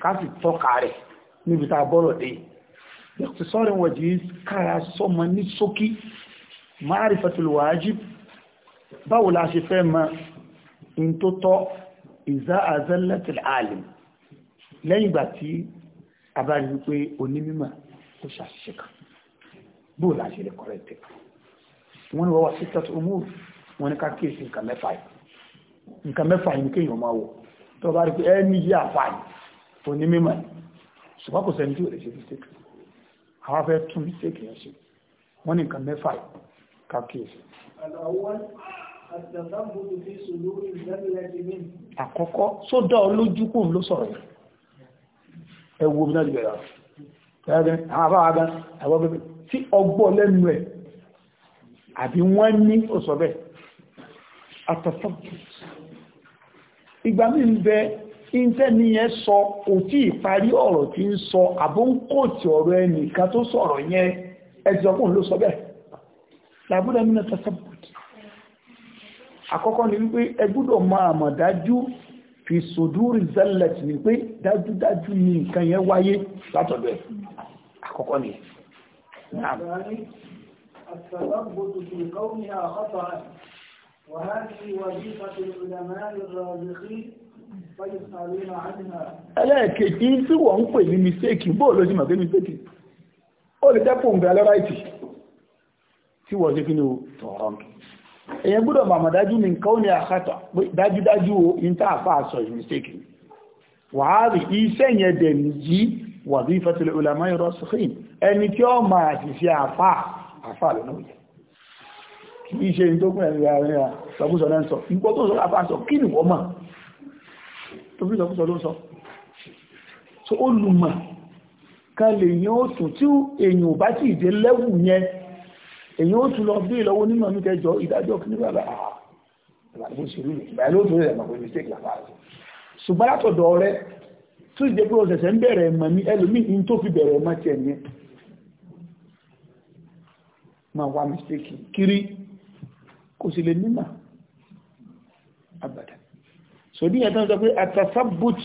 káàsì tọ́ka rẹ̀ níbi tá a bọ́rọ̀ dé dr sorin wọ̀jí kára sọmọ ní ṣókí ma'arifatul wajib báwo la ṣe fẹ́ ma in tó tọ́ ìzá àzẹ́lẹ́tìl wọ́n ní wọ́n wá sísá tó mú wọ́n ní ká kíyèsí nǹkan mẹ́fà yìí nǹkan mẹ́fà yìí ní kéèyàn máa wò tó bá rí pé ẹni yí àfà yìí kò ní mímọ̀ ṣùgbọ́n kò sẹ́ni tí ò lè ṣe mistake àwọn afẹ́ tún mistake yẹn ṣe wọ́n ní nǹkan mẹ́fà yìí ká kíyèsí. àkọ́kọ́ sódà olójú kò ń ló sọ̀rọ̀ yìí ẹ wo bí náà ti bẹ̀rẹ̀ àwọn àbáwá gan àwọn bẹ̀rẹ̀ tí ọgbọ́ lẹ́nu ẹ̀ àbí wọ́n ní ó sọ bẹ́ẹ̀ àtọ̀tọ̀ ìgbà mi ń bẹ ìntẹ́ nìyẹn sọ kò tí ìparí ọ̀rọ̀ tí ń sọ àbó ń kò tí ọ̀rọ̀ ẹnìkan tó sọ̀rọ̀ yẹn ẹ̀sìnkún ló sọ bẹ́ẹ̀ làbúdà mí náà tọ́tọ̀ àkọ́kọ́ ni wípé ẹ gbọ́dọ̀ máa mọ̀ dájú fi sòdúrì zẹ́lẹ̀t ni pé dájúdájú ni nǹkan yẹn wáyé látọ̀dọ̀ ẹ̀ àkọ́kọ́ ni. التثبت في قومها خطأ وهذه وظيفة العلماء الرازخين فيسألون عنها ẹlẹ́ẹ̀kejì tí wọ́n ń pè ní mistake bóò ló ṣe mọ̀ pé mistake ó lè tẹ́pù ń bẹ̀rẹ̀ ráìtì tí wọ́n ṣe kí ní tọ̀rọ̀ èyàn gbọ́dọ̀ màmà dájú ní nǹkan ó ní àkátà dájúdájú o in tá àfà àṣọ mistake wàhálì iṣẹ́ àfà lọ́nà òye kì í ṣe tó kún ẹ̀rí ààrẹ àṣọkúsọ náà sọ ìgbọ́ tó sọ àfà sọ kí ni wọ́n mọ̀ tó fi sọkúsọ ló sọ so olùmọ̀ kan lè yán ó tún tí èèyàn bá ti ìdè lẹ́wù yẹn èèyàn ó tún lọ bí ìlọ́wọ́ nínú ọdún kẹjọ ìdájọ́ kí ní ah, bàbá àbàbò ṣèlú ìbàyẹ̀ ló tún rẹ̀ mọ̀ pé mistake làbá rẹ̀ ṣùgbọ́n látọ̀dọ̀ rẹ̀ tún ìdè pé o ṣẹ̀ṣẹ̀ ń bẹ̀rẹ̀ mọ̀ ní ẹlòmíì ní tó fi bẹ̀rẹ̀ mọ̀ tiẹ̀ yẹn ma wá mistake kiri kò sì lè nímà abàdà so ní ẹ̀tọ́ sọ pé àtàsábùt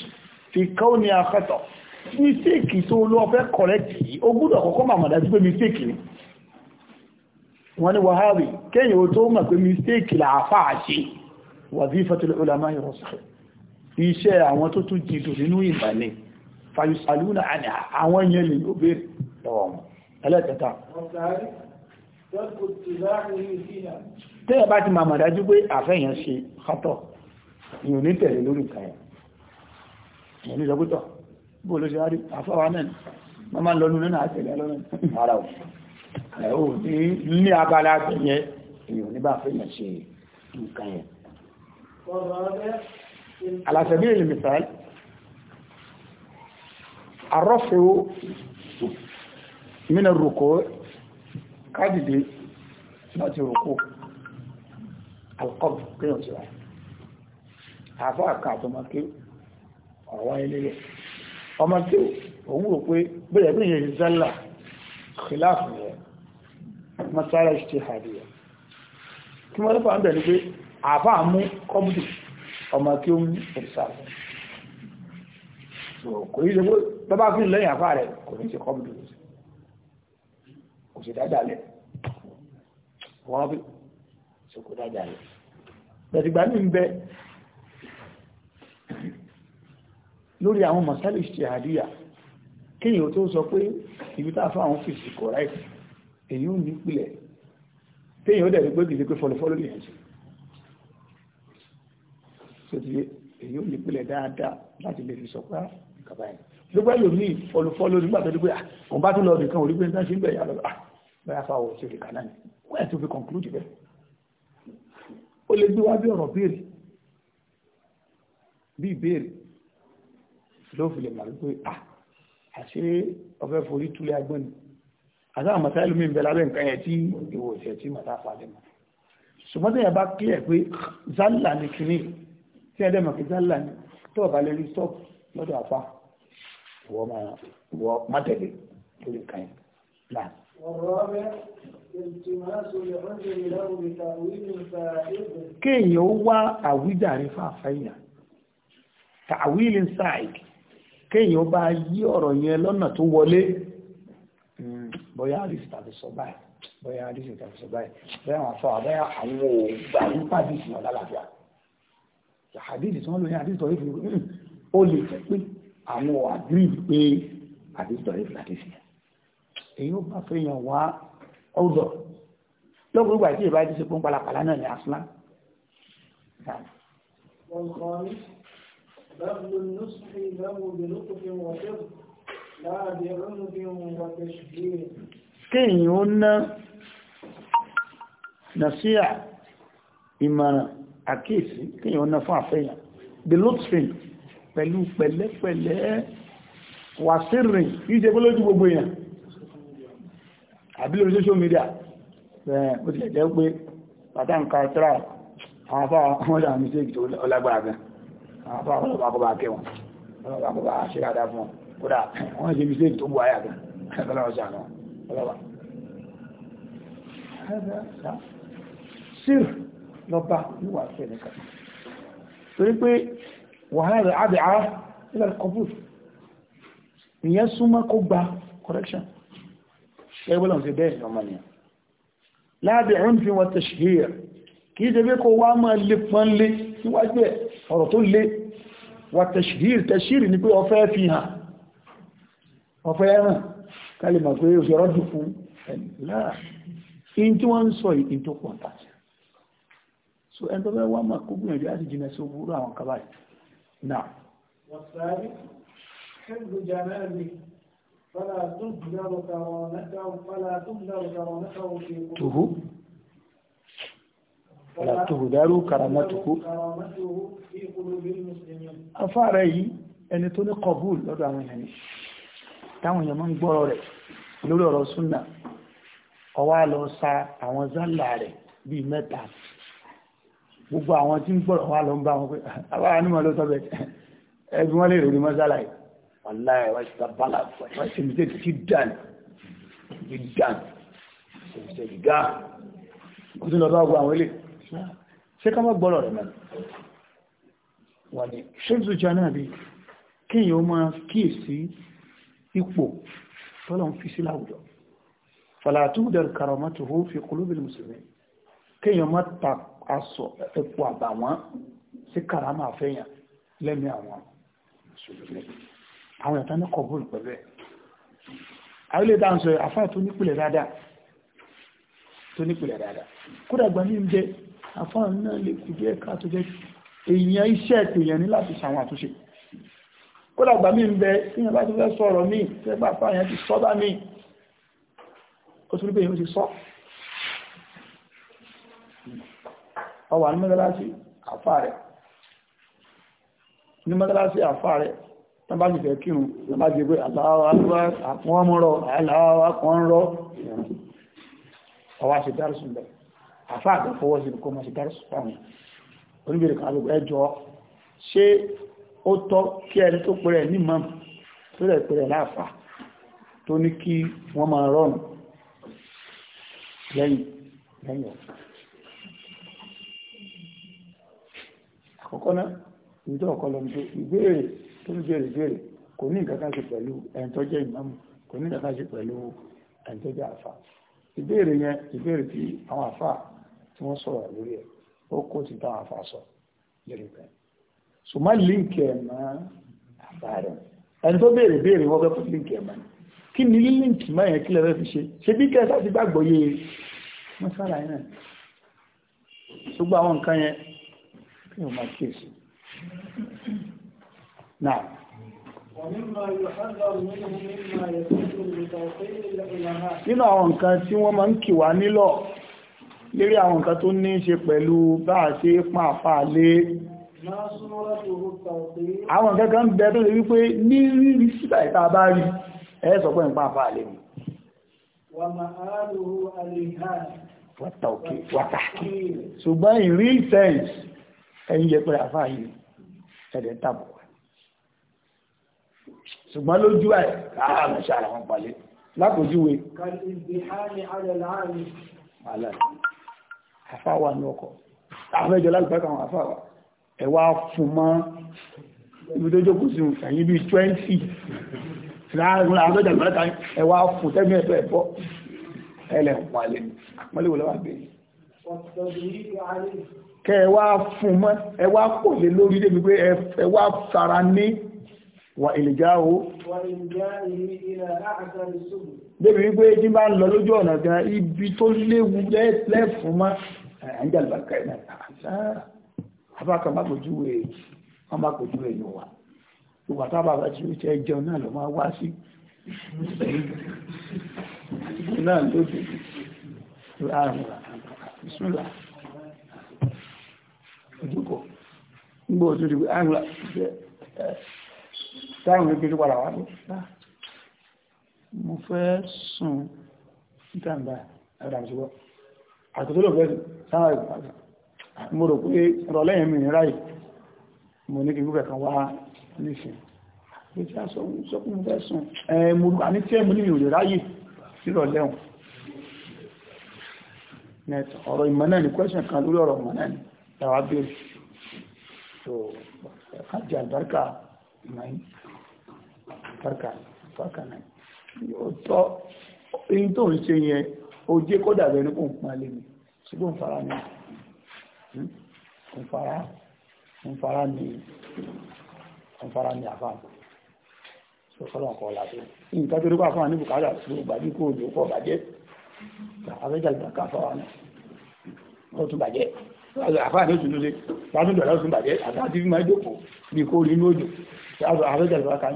fi káwọn ní àkàtọ̀ mistake tó lọ fẹ́ correct yìí ó gbọ́dọ̀ kọ́kọ́ màmà dájú pé mistake ni wọ́n ní wàhálì kẹ́yìn ó tó mọ̀ pé mistake làáfà ṣe wazifatul ulama rasikh iṣẹ́ àwọn tó tún tẹ́yẹ̀ bá ti máa mọ̀ dájú pé àfẹ́yàn ṣe ọ̀tọ̀ ìyàn ní tẹ̀lé lórí ìkàyà ìyàn ní ìjọgbótọ̀ bó ló ṣe rárí àfáwà náà ma máa lọ́nu náà àtẹ̀lé lọ́nà ara ò ẹ̀hò ní abala àtẹ̀yẹ ìyàn ní bá fẹ́yàn ṣe ìkàyà kádìdé láti rùkú alkọ́bù kéyàn ti wà àfá àkà àtọmọké ọ̀wá ilélẹ̀ ọmọ tí òun rò pé bẹ́ẹ̀ bí yẹn zálà kìláàfù rẹ̀ masára ìṣẹ́ àdìyà kí wọ́n lọ́pàá ń bẹ̀rẹ̀ pé àfá àmú kọ́bùdù ọmọ kí ó ń kò ní lẹ́yìn àfá rẹ̀ kò ní ṣe kọ́bùdù ṣe dáadáa le, wọ́n bí ṣe kò dáadáa lẹ̀ bẹ̀rẹ̀gbà ní ń bẹ lórí àwọn masálì ṣe àdíyà kíyàn tó sọ pé ibi tá fún àwọn fèsì correct èyí ò ní pìlẹ̀ téèyàn ó dẹ̀ rí pé kìí pé fọlọfọlọ lè ṣe tó ti èyí ò ní pìlẹ̀ dáadáa láti lè fi sọ pé ah, kàbáyé gbogbo ẹlòmíì fọlọfọlọ nígbà tó dé pé àwọn ah, bá tún lọ nìkan orí pé ń tán ṣe ń bẹ̀yà lọ́wọ́ ah, bẹ́ẹ̀ fà wọ́n sí ìkà náà ni wọ́n ẹ̀ tó fi conclude bẹ́ẹ̀ ó lè gbé wá bí ọ̀rọ̀ béèrè bí ìbéèrè ló fi lè mà wípé à ah, àṣé ọfẹ́ forí túlẹ̀ agbọ́n ni àti àwọn mọ̀tá ìlú mi ń bẹ lábẹ́ nǹkan yẹn tí ìwò ìṣẹ̀ tí mọ̀tá fàdé mọ̀ ṣùgbọ́n tẹ̀yẹ bá clear pé zálà ni kìíní tí ẹ dẹ́mọ̀ pé zálà ni tó ọ̀bà lè rí stop lọ́dọ̀ àfa ìwọ máa tẹ̀lé lórí nǹkan yẹn láti kéèyàn ó wá àwíjàre fàáfáyà tàwílì sáàìd kéèyàn ó bá yí ọ̀rọ̀ yẹn lọ́nà tó wọlé bóyá àrísì tàbí sọ báyìí bóyá àrísì tàbí sọ báyìí bóyá àwọn afọ àbáyà àwọn òògbà ní pàdísì náà lálàáfíà àdíjì tí wọ́n lò ní àdíjì tọ́rí fún un ó lè jẹ́ pé àwọn àdíjì pé àdíjì tọ́rí fún àdíjì yẹn èyí ó bá fẹ́ yàn wá ọ̀dọ̀ lọ́gbọ̀n ìgbà tí ìbá ti ṣe pọ́npàlà pàlà náà ní asúná. kéèyàn ó ná nàṣíà ìmọ̀ràn àkíyèsí kéèyàn ó ná fún àfẹ́yàn belotrin pẹ̀lú pẹ̀lẹ́pẹ̀lẹ́ wàsírìn kìí ṣe gbọ́lójú gbogbo èèyàn àbí lórí social media bó ti jẹ́ pé pàtà ń ka tíra àwọn afá àwọn ọjà mistake tó lágbára gan àwọn afá ọlọ́pàá kọba kẹwọn ọlọ́pàá kọba ṣíkàdá fún kódà wọ́n ṣe mistake tó bú ayà gan ọlọ́pàá ọlọ́pàá sír lọ́bá níwà sẹ́lẹ̀ kan torí pé wàhálà àbẹ̀ àá ilẹ̀ correction ẹgbẹ́ lọ́n ti bẹ́ẹ̀ ọmọ ni láàbẹ̀ ẹ̀rùn fi wọ́n tashhir kìí ṣe bí kò wá máa lè pọ́n lé níwájú ẹ̀ ọ̀rọ̀ tó lé wà tashhir tashhir ni pé ọfẹ́ fi hàn ọfẹ́ ràn kálẹ̀ mọ̀ pé oṣù rọ́dù fún ẹ̀láàrín tí wọ́n sọ ìpín tó pọ̀ فلا تبلغ كرامته فلا تبلغ كرامته في قلوبهم فلا تبلغ كرامته في قلوب المسلمين afárá yìí ẹni tó ní kọbúl lọ́dọ̀ àwọn èèyàn ni táwọn èèyàn máa ń gbọ́rọ̀ rẹ̀ lórí ọ̀rọ̀ súnà ọwá lọ sa àwọn zálà rẹ̀ bíi mẹ́ta gbogbo àwọn tí ń gbọ́rọ̀ wá lọ ń bá wọn pé àwọn ànímọ̀ ló sọ bẹ́ẹ̀ ẹbí wàláì wọ́n ti ta balance wọ́n ti ṣe ti dàn ti dàn ṣe ti gá kó tún lọ bá gbọ́ àwọn ilé ṣé ká má gbọ́rọ̀ rẹ̀ mẹ́rin wọ́n ni ṣé jẹ́ náà bí kíyàn ó máa kíyèsí ipò tọ́lọ̀ ń fi sí láwùjọ fàlàtúndẹ̀rù karamatu hó fi kulubil mùsùlùmí kíyàn má ta aṣọ ẹ̀pọ̀ àbàwọ́n sí karama àfẹ́yàn lẹ́mí àwọn mùsùlùmí àwọn ìyàtọ̀ ní kọ̀bùrù pẹ̀lú ẹ̀ àwọn ilé dáhùn sọ àfáà tó nípìlẹ̀ dáadáa tó nípìlẹ̀ dáadáa kódà gbà ní ìbẹ̀ àfáà náà lè kù díẹ̀ ká tó jẹ́ èèyàn iṣẹ́ ètò èèyàn ní láti ṣàwọn àtúnṣe kódà gbà ní ìbẹ̀ tí wọ́n bá tó fẹ́ sọ̀rọ̀ míì tẹ́gbà àfáà yẹn ti sọ́ bá míì ó tún rí bẹ́ẹ̀ yóò ti sọ́ ọwà ní mọ́tàlásí àfáà rẹ̀ rẹ̀ wọ́n bá jìfẹ́ kírun wọ́n bá jẹ́ pé aláwọ̀ àpọ́n mọ́rọ̀ aláwọ̀ àpọ́n rọ́ ọwá ṣe dárùsùn bẹ̀ àfáàkọ́ fọwọ́ sí kó mọ́ ṣe dárùsùn fáwọn oníbèrè kan àgbègbè ẹjọ́ ṣé ó tọ́ kí ẹni tó pẹ̀rẹ̀ ní mọ́ tó rẹ̀ pẹ̀rẹ̀ láàfà tó ní kí wọ́n máa rọrùn lẹ́yìn lẹ́yìn àkọ́kọ́ náà ìjọ ọ̀kọ́ lọ́nà ìbéèrè tó ń jèrè jèrè kò ní nǹkan kan ṣe pẹ̀lú ẹni tó jẹ́ ìmáàmù kò ní nǹkan kan ṣe pẹ̀lú ẹni tó jẹ́ àfa ìbéèrè yẹn ìbéèrè tí àwọn àfa tí wọ́n sọ̀rọ̀ lórí ẹ̀ ó kó ti táwọn àfa sọ lórí ẹ̀ ṣùgbọ́n líǹkì ẹ̀ máa àbá rẹ̀ ẹni tó béèrè béèrè wọ́n fẹ́ fún líǹkì ẹ̀ máa kí ni líǹkì máa yẹn kí lè fẹ́ fi ṣe ṣe bí kẹta ti نعم nínú àwọn nǹkan tí wọ́n máa ń kì wá nílọ̀ lérí àwọn nǹkan tó ní ṣe pẹ̀lú bá a ṣe pàápàá lé àwọn nǹkan kan bẹ tó lè wípé ní rírí síta ìta bá rí ẹ sọ pé ń lé mi wàtàkì ṣùgbọ́n in real ẹ̀yìn jẹ́ pé àfáà yìí ẹ̀dẹ̀ tàbùkù ṣùgbọ́n lójú ẹ̀ káàmù ṣàrà wọn pàlẹ́ lápòjúwe àfáwà ní ọkọ̀ àfẹ́jọ lágbàkà àwọn àfáwà ẹ̀wà fún mọ́ ibi tó ẹ̀yìn bí 20 láàrin àfẹ́jọ lágbàkà ẹ̀wà fún tẹ́gbẹ̀ ẹ̀fẹ́ ẹ̀fọ́ ẹlẹ̀ pàlẹ́ mọ́lẹ̀wọ̀lẹ́wà bẹ̀rẹ̀ kẹwàá fún mọ́ ẹwà pọ̀ lé lórí débi pé ẹwà fara ní wà ìlìjáwó débi wípé tí bá ń lọ lójú ọ̀nà gan ibi tó léwu lẹ́fún má àyíjà lùbákà ìlà àbákà má kò júwe wọn má kò júwe yóò wá ìwà tábà bá ti rí tẹ́ jẹun náà lọ máa wá táwọn ẹgbẹ́ padà wá ló mo fẹ́ sùn nítàǹdà ẹ̀rọ àṣìwọ́ àtúntò lò fẹ́ sáwọn ìpàdé mo rò pé rọ̀lẹ́yìn mi ráì mo ní kí gúbẹ̀ kan wá nísìn pé tí a sọ fún mo fẹ́ sùn ẹ̀ mo rúgbà ní tí ẹ̀ mo ní mi ò lè ráyè nírọ̀lẹ́hùn ọ̀rọ̀ ìmọ̀ náà ni question kan lórí ọ̀rọ̀ ìmọ̀ náà ni tàwà bèèrè so káàkiri àgbàríkà ìmọ̀ yìí fákà fákà náà yóò tọ́ eyín tó ń ṣe yẹn ojé kódà bẹ́ẹ̀ ní kò ń pọn lé mi ṣùgbọ́n ń fara ní ń fara ń fara ní ń fara ní àfáàbò sọ́kọ́lọ́n kọ́ la tó nǹkan tó dúpọ̀ àfáà ní bùkátà tó gbàdí kó òjò pọ̀ bàjẹ́ àfẹ́jà ìgbàkan fáwa náà ó tún bàjẹ́ àfáà ní òtútù ṣe wàá tún dọ̀lá ó tún bàjẹ́ àtàtì fi máa jókòó bí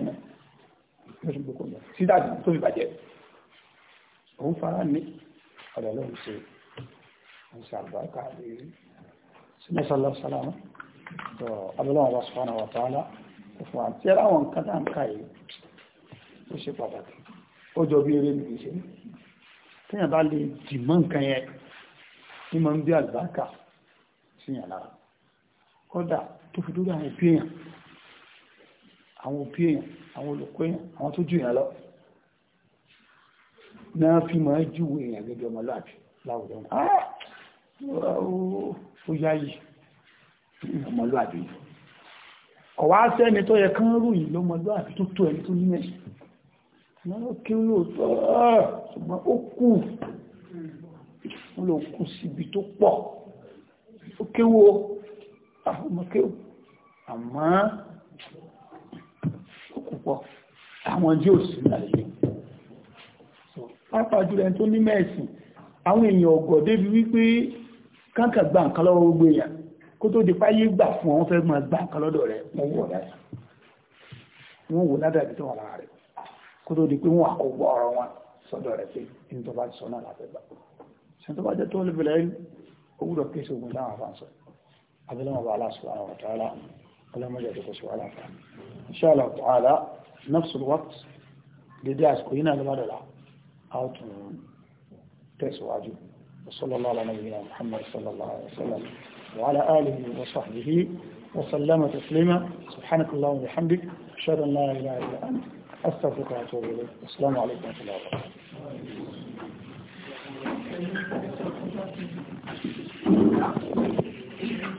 náà lóṣù gbogbo lọ sídà tó fi bàjẹ́ òun fara ní ọ̀dọ̀ lóhùn ṣe ń ṣàlùbáríkà lérí sinasala salama tó abúlọ́wọ́n wa sọ́nà wà tààlà kò fún àti ẹ̀rọ àwọn nǹkan tá à ń kà yìí ó ṣe pàtàkì ó jọ bí eré nìyí ṣe téèyàn bá lè dìmọ́ nǹkan yẹn ní máa ń bí àlùbáríkà síyàn lára kódà tó fi dúró àwọn òbí èèyàn àwọn òbí èèyàn àwọn olùkóyàn àwọn tó jù yàn lọ náà fi máa júwe èèyàn gẹ́gẹ́ ọmọlúàbí láwùjọ ah! ó yá yìí ọmọlúàbí ọ̀wá sẹ́ni tó yẹ kán rú yìí lọ́mọlúàbí tó tó ẹni tó ní ẹ̀sìn lọ́nà kí ó lóòótọ́ ṣùgbọ́n ó kù ó lò kù síbi tó pọ̀ ó kéwò àwọn ọmọ ah, kéwò àmọ́ púpọ̀ àwọn jí ò sí láyé pápá jùlọ ẹni tó ní mẹ́ẹ̀sìn àwọn èèyàn ọ̀gọ̀ débi wípé káńkà gba nǹkan lọ́wọ́ gbogbo èèyàn kó tó di páyé gbà fún àwọn fẹ́ máa gba nǹkan lọ́dọ̀ rẹ̀ wọ́n wọ̀ láyà wọ́n wò ládàbí tó wà lára rẹ̀ kó tó di pé wọ́n àkógbọ́ ọ̀rọ̀ wọn sọ́dọ̀ rẹ̀ pé ní tó bá sọ náà lábẹ́ gbà ṣe tó bá jẹ́ tó lè bẹ̀rẹ̀ owó ولا مجال على العفو إن شاء الله تعالى نفس الوقت لدعس كوينا لبعض العام أو تسوى عجيب وصلى الله على نبينا محمد صلى الله عليه وسلم وعلى آله وصحبه وسلم تسليما سبحانك اللهم وبحمدك أشهد أن لا إله إلا أنت أستغفرك وأتوب إليك والسلام عليكم ورحمة الله وبركاته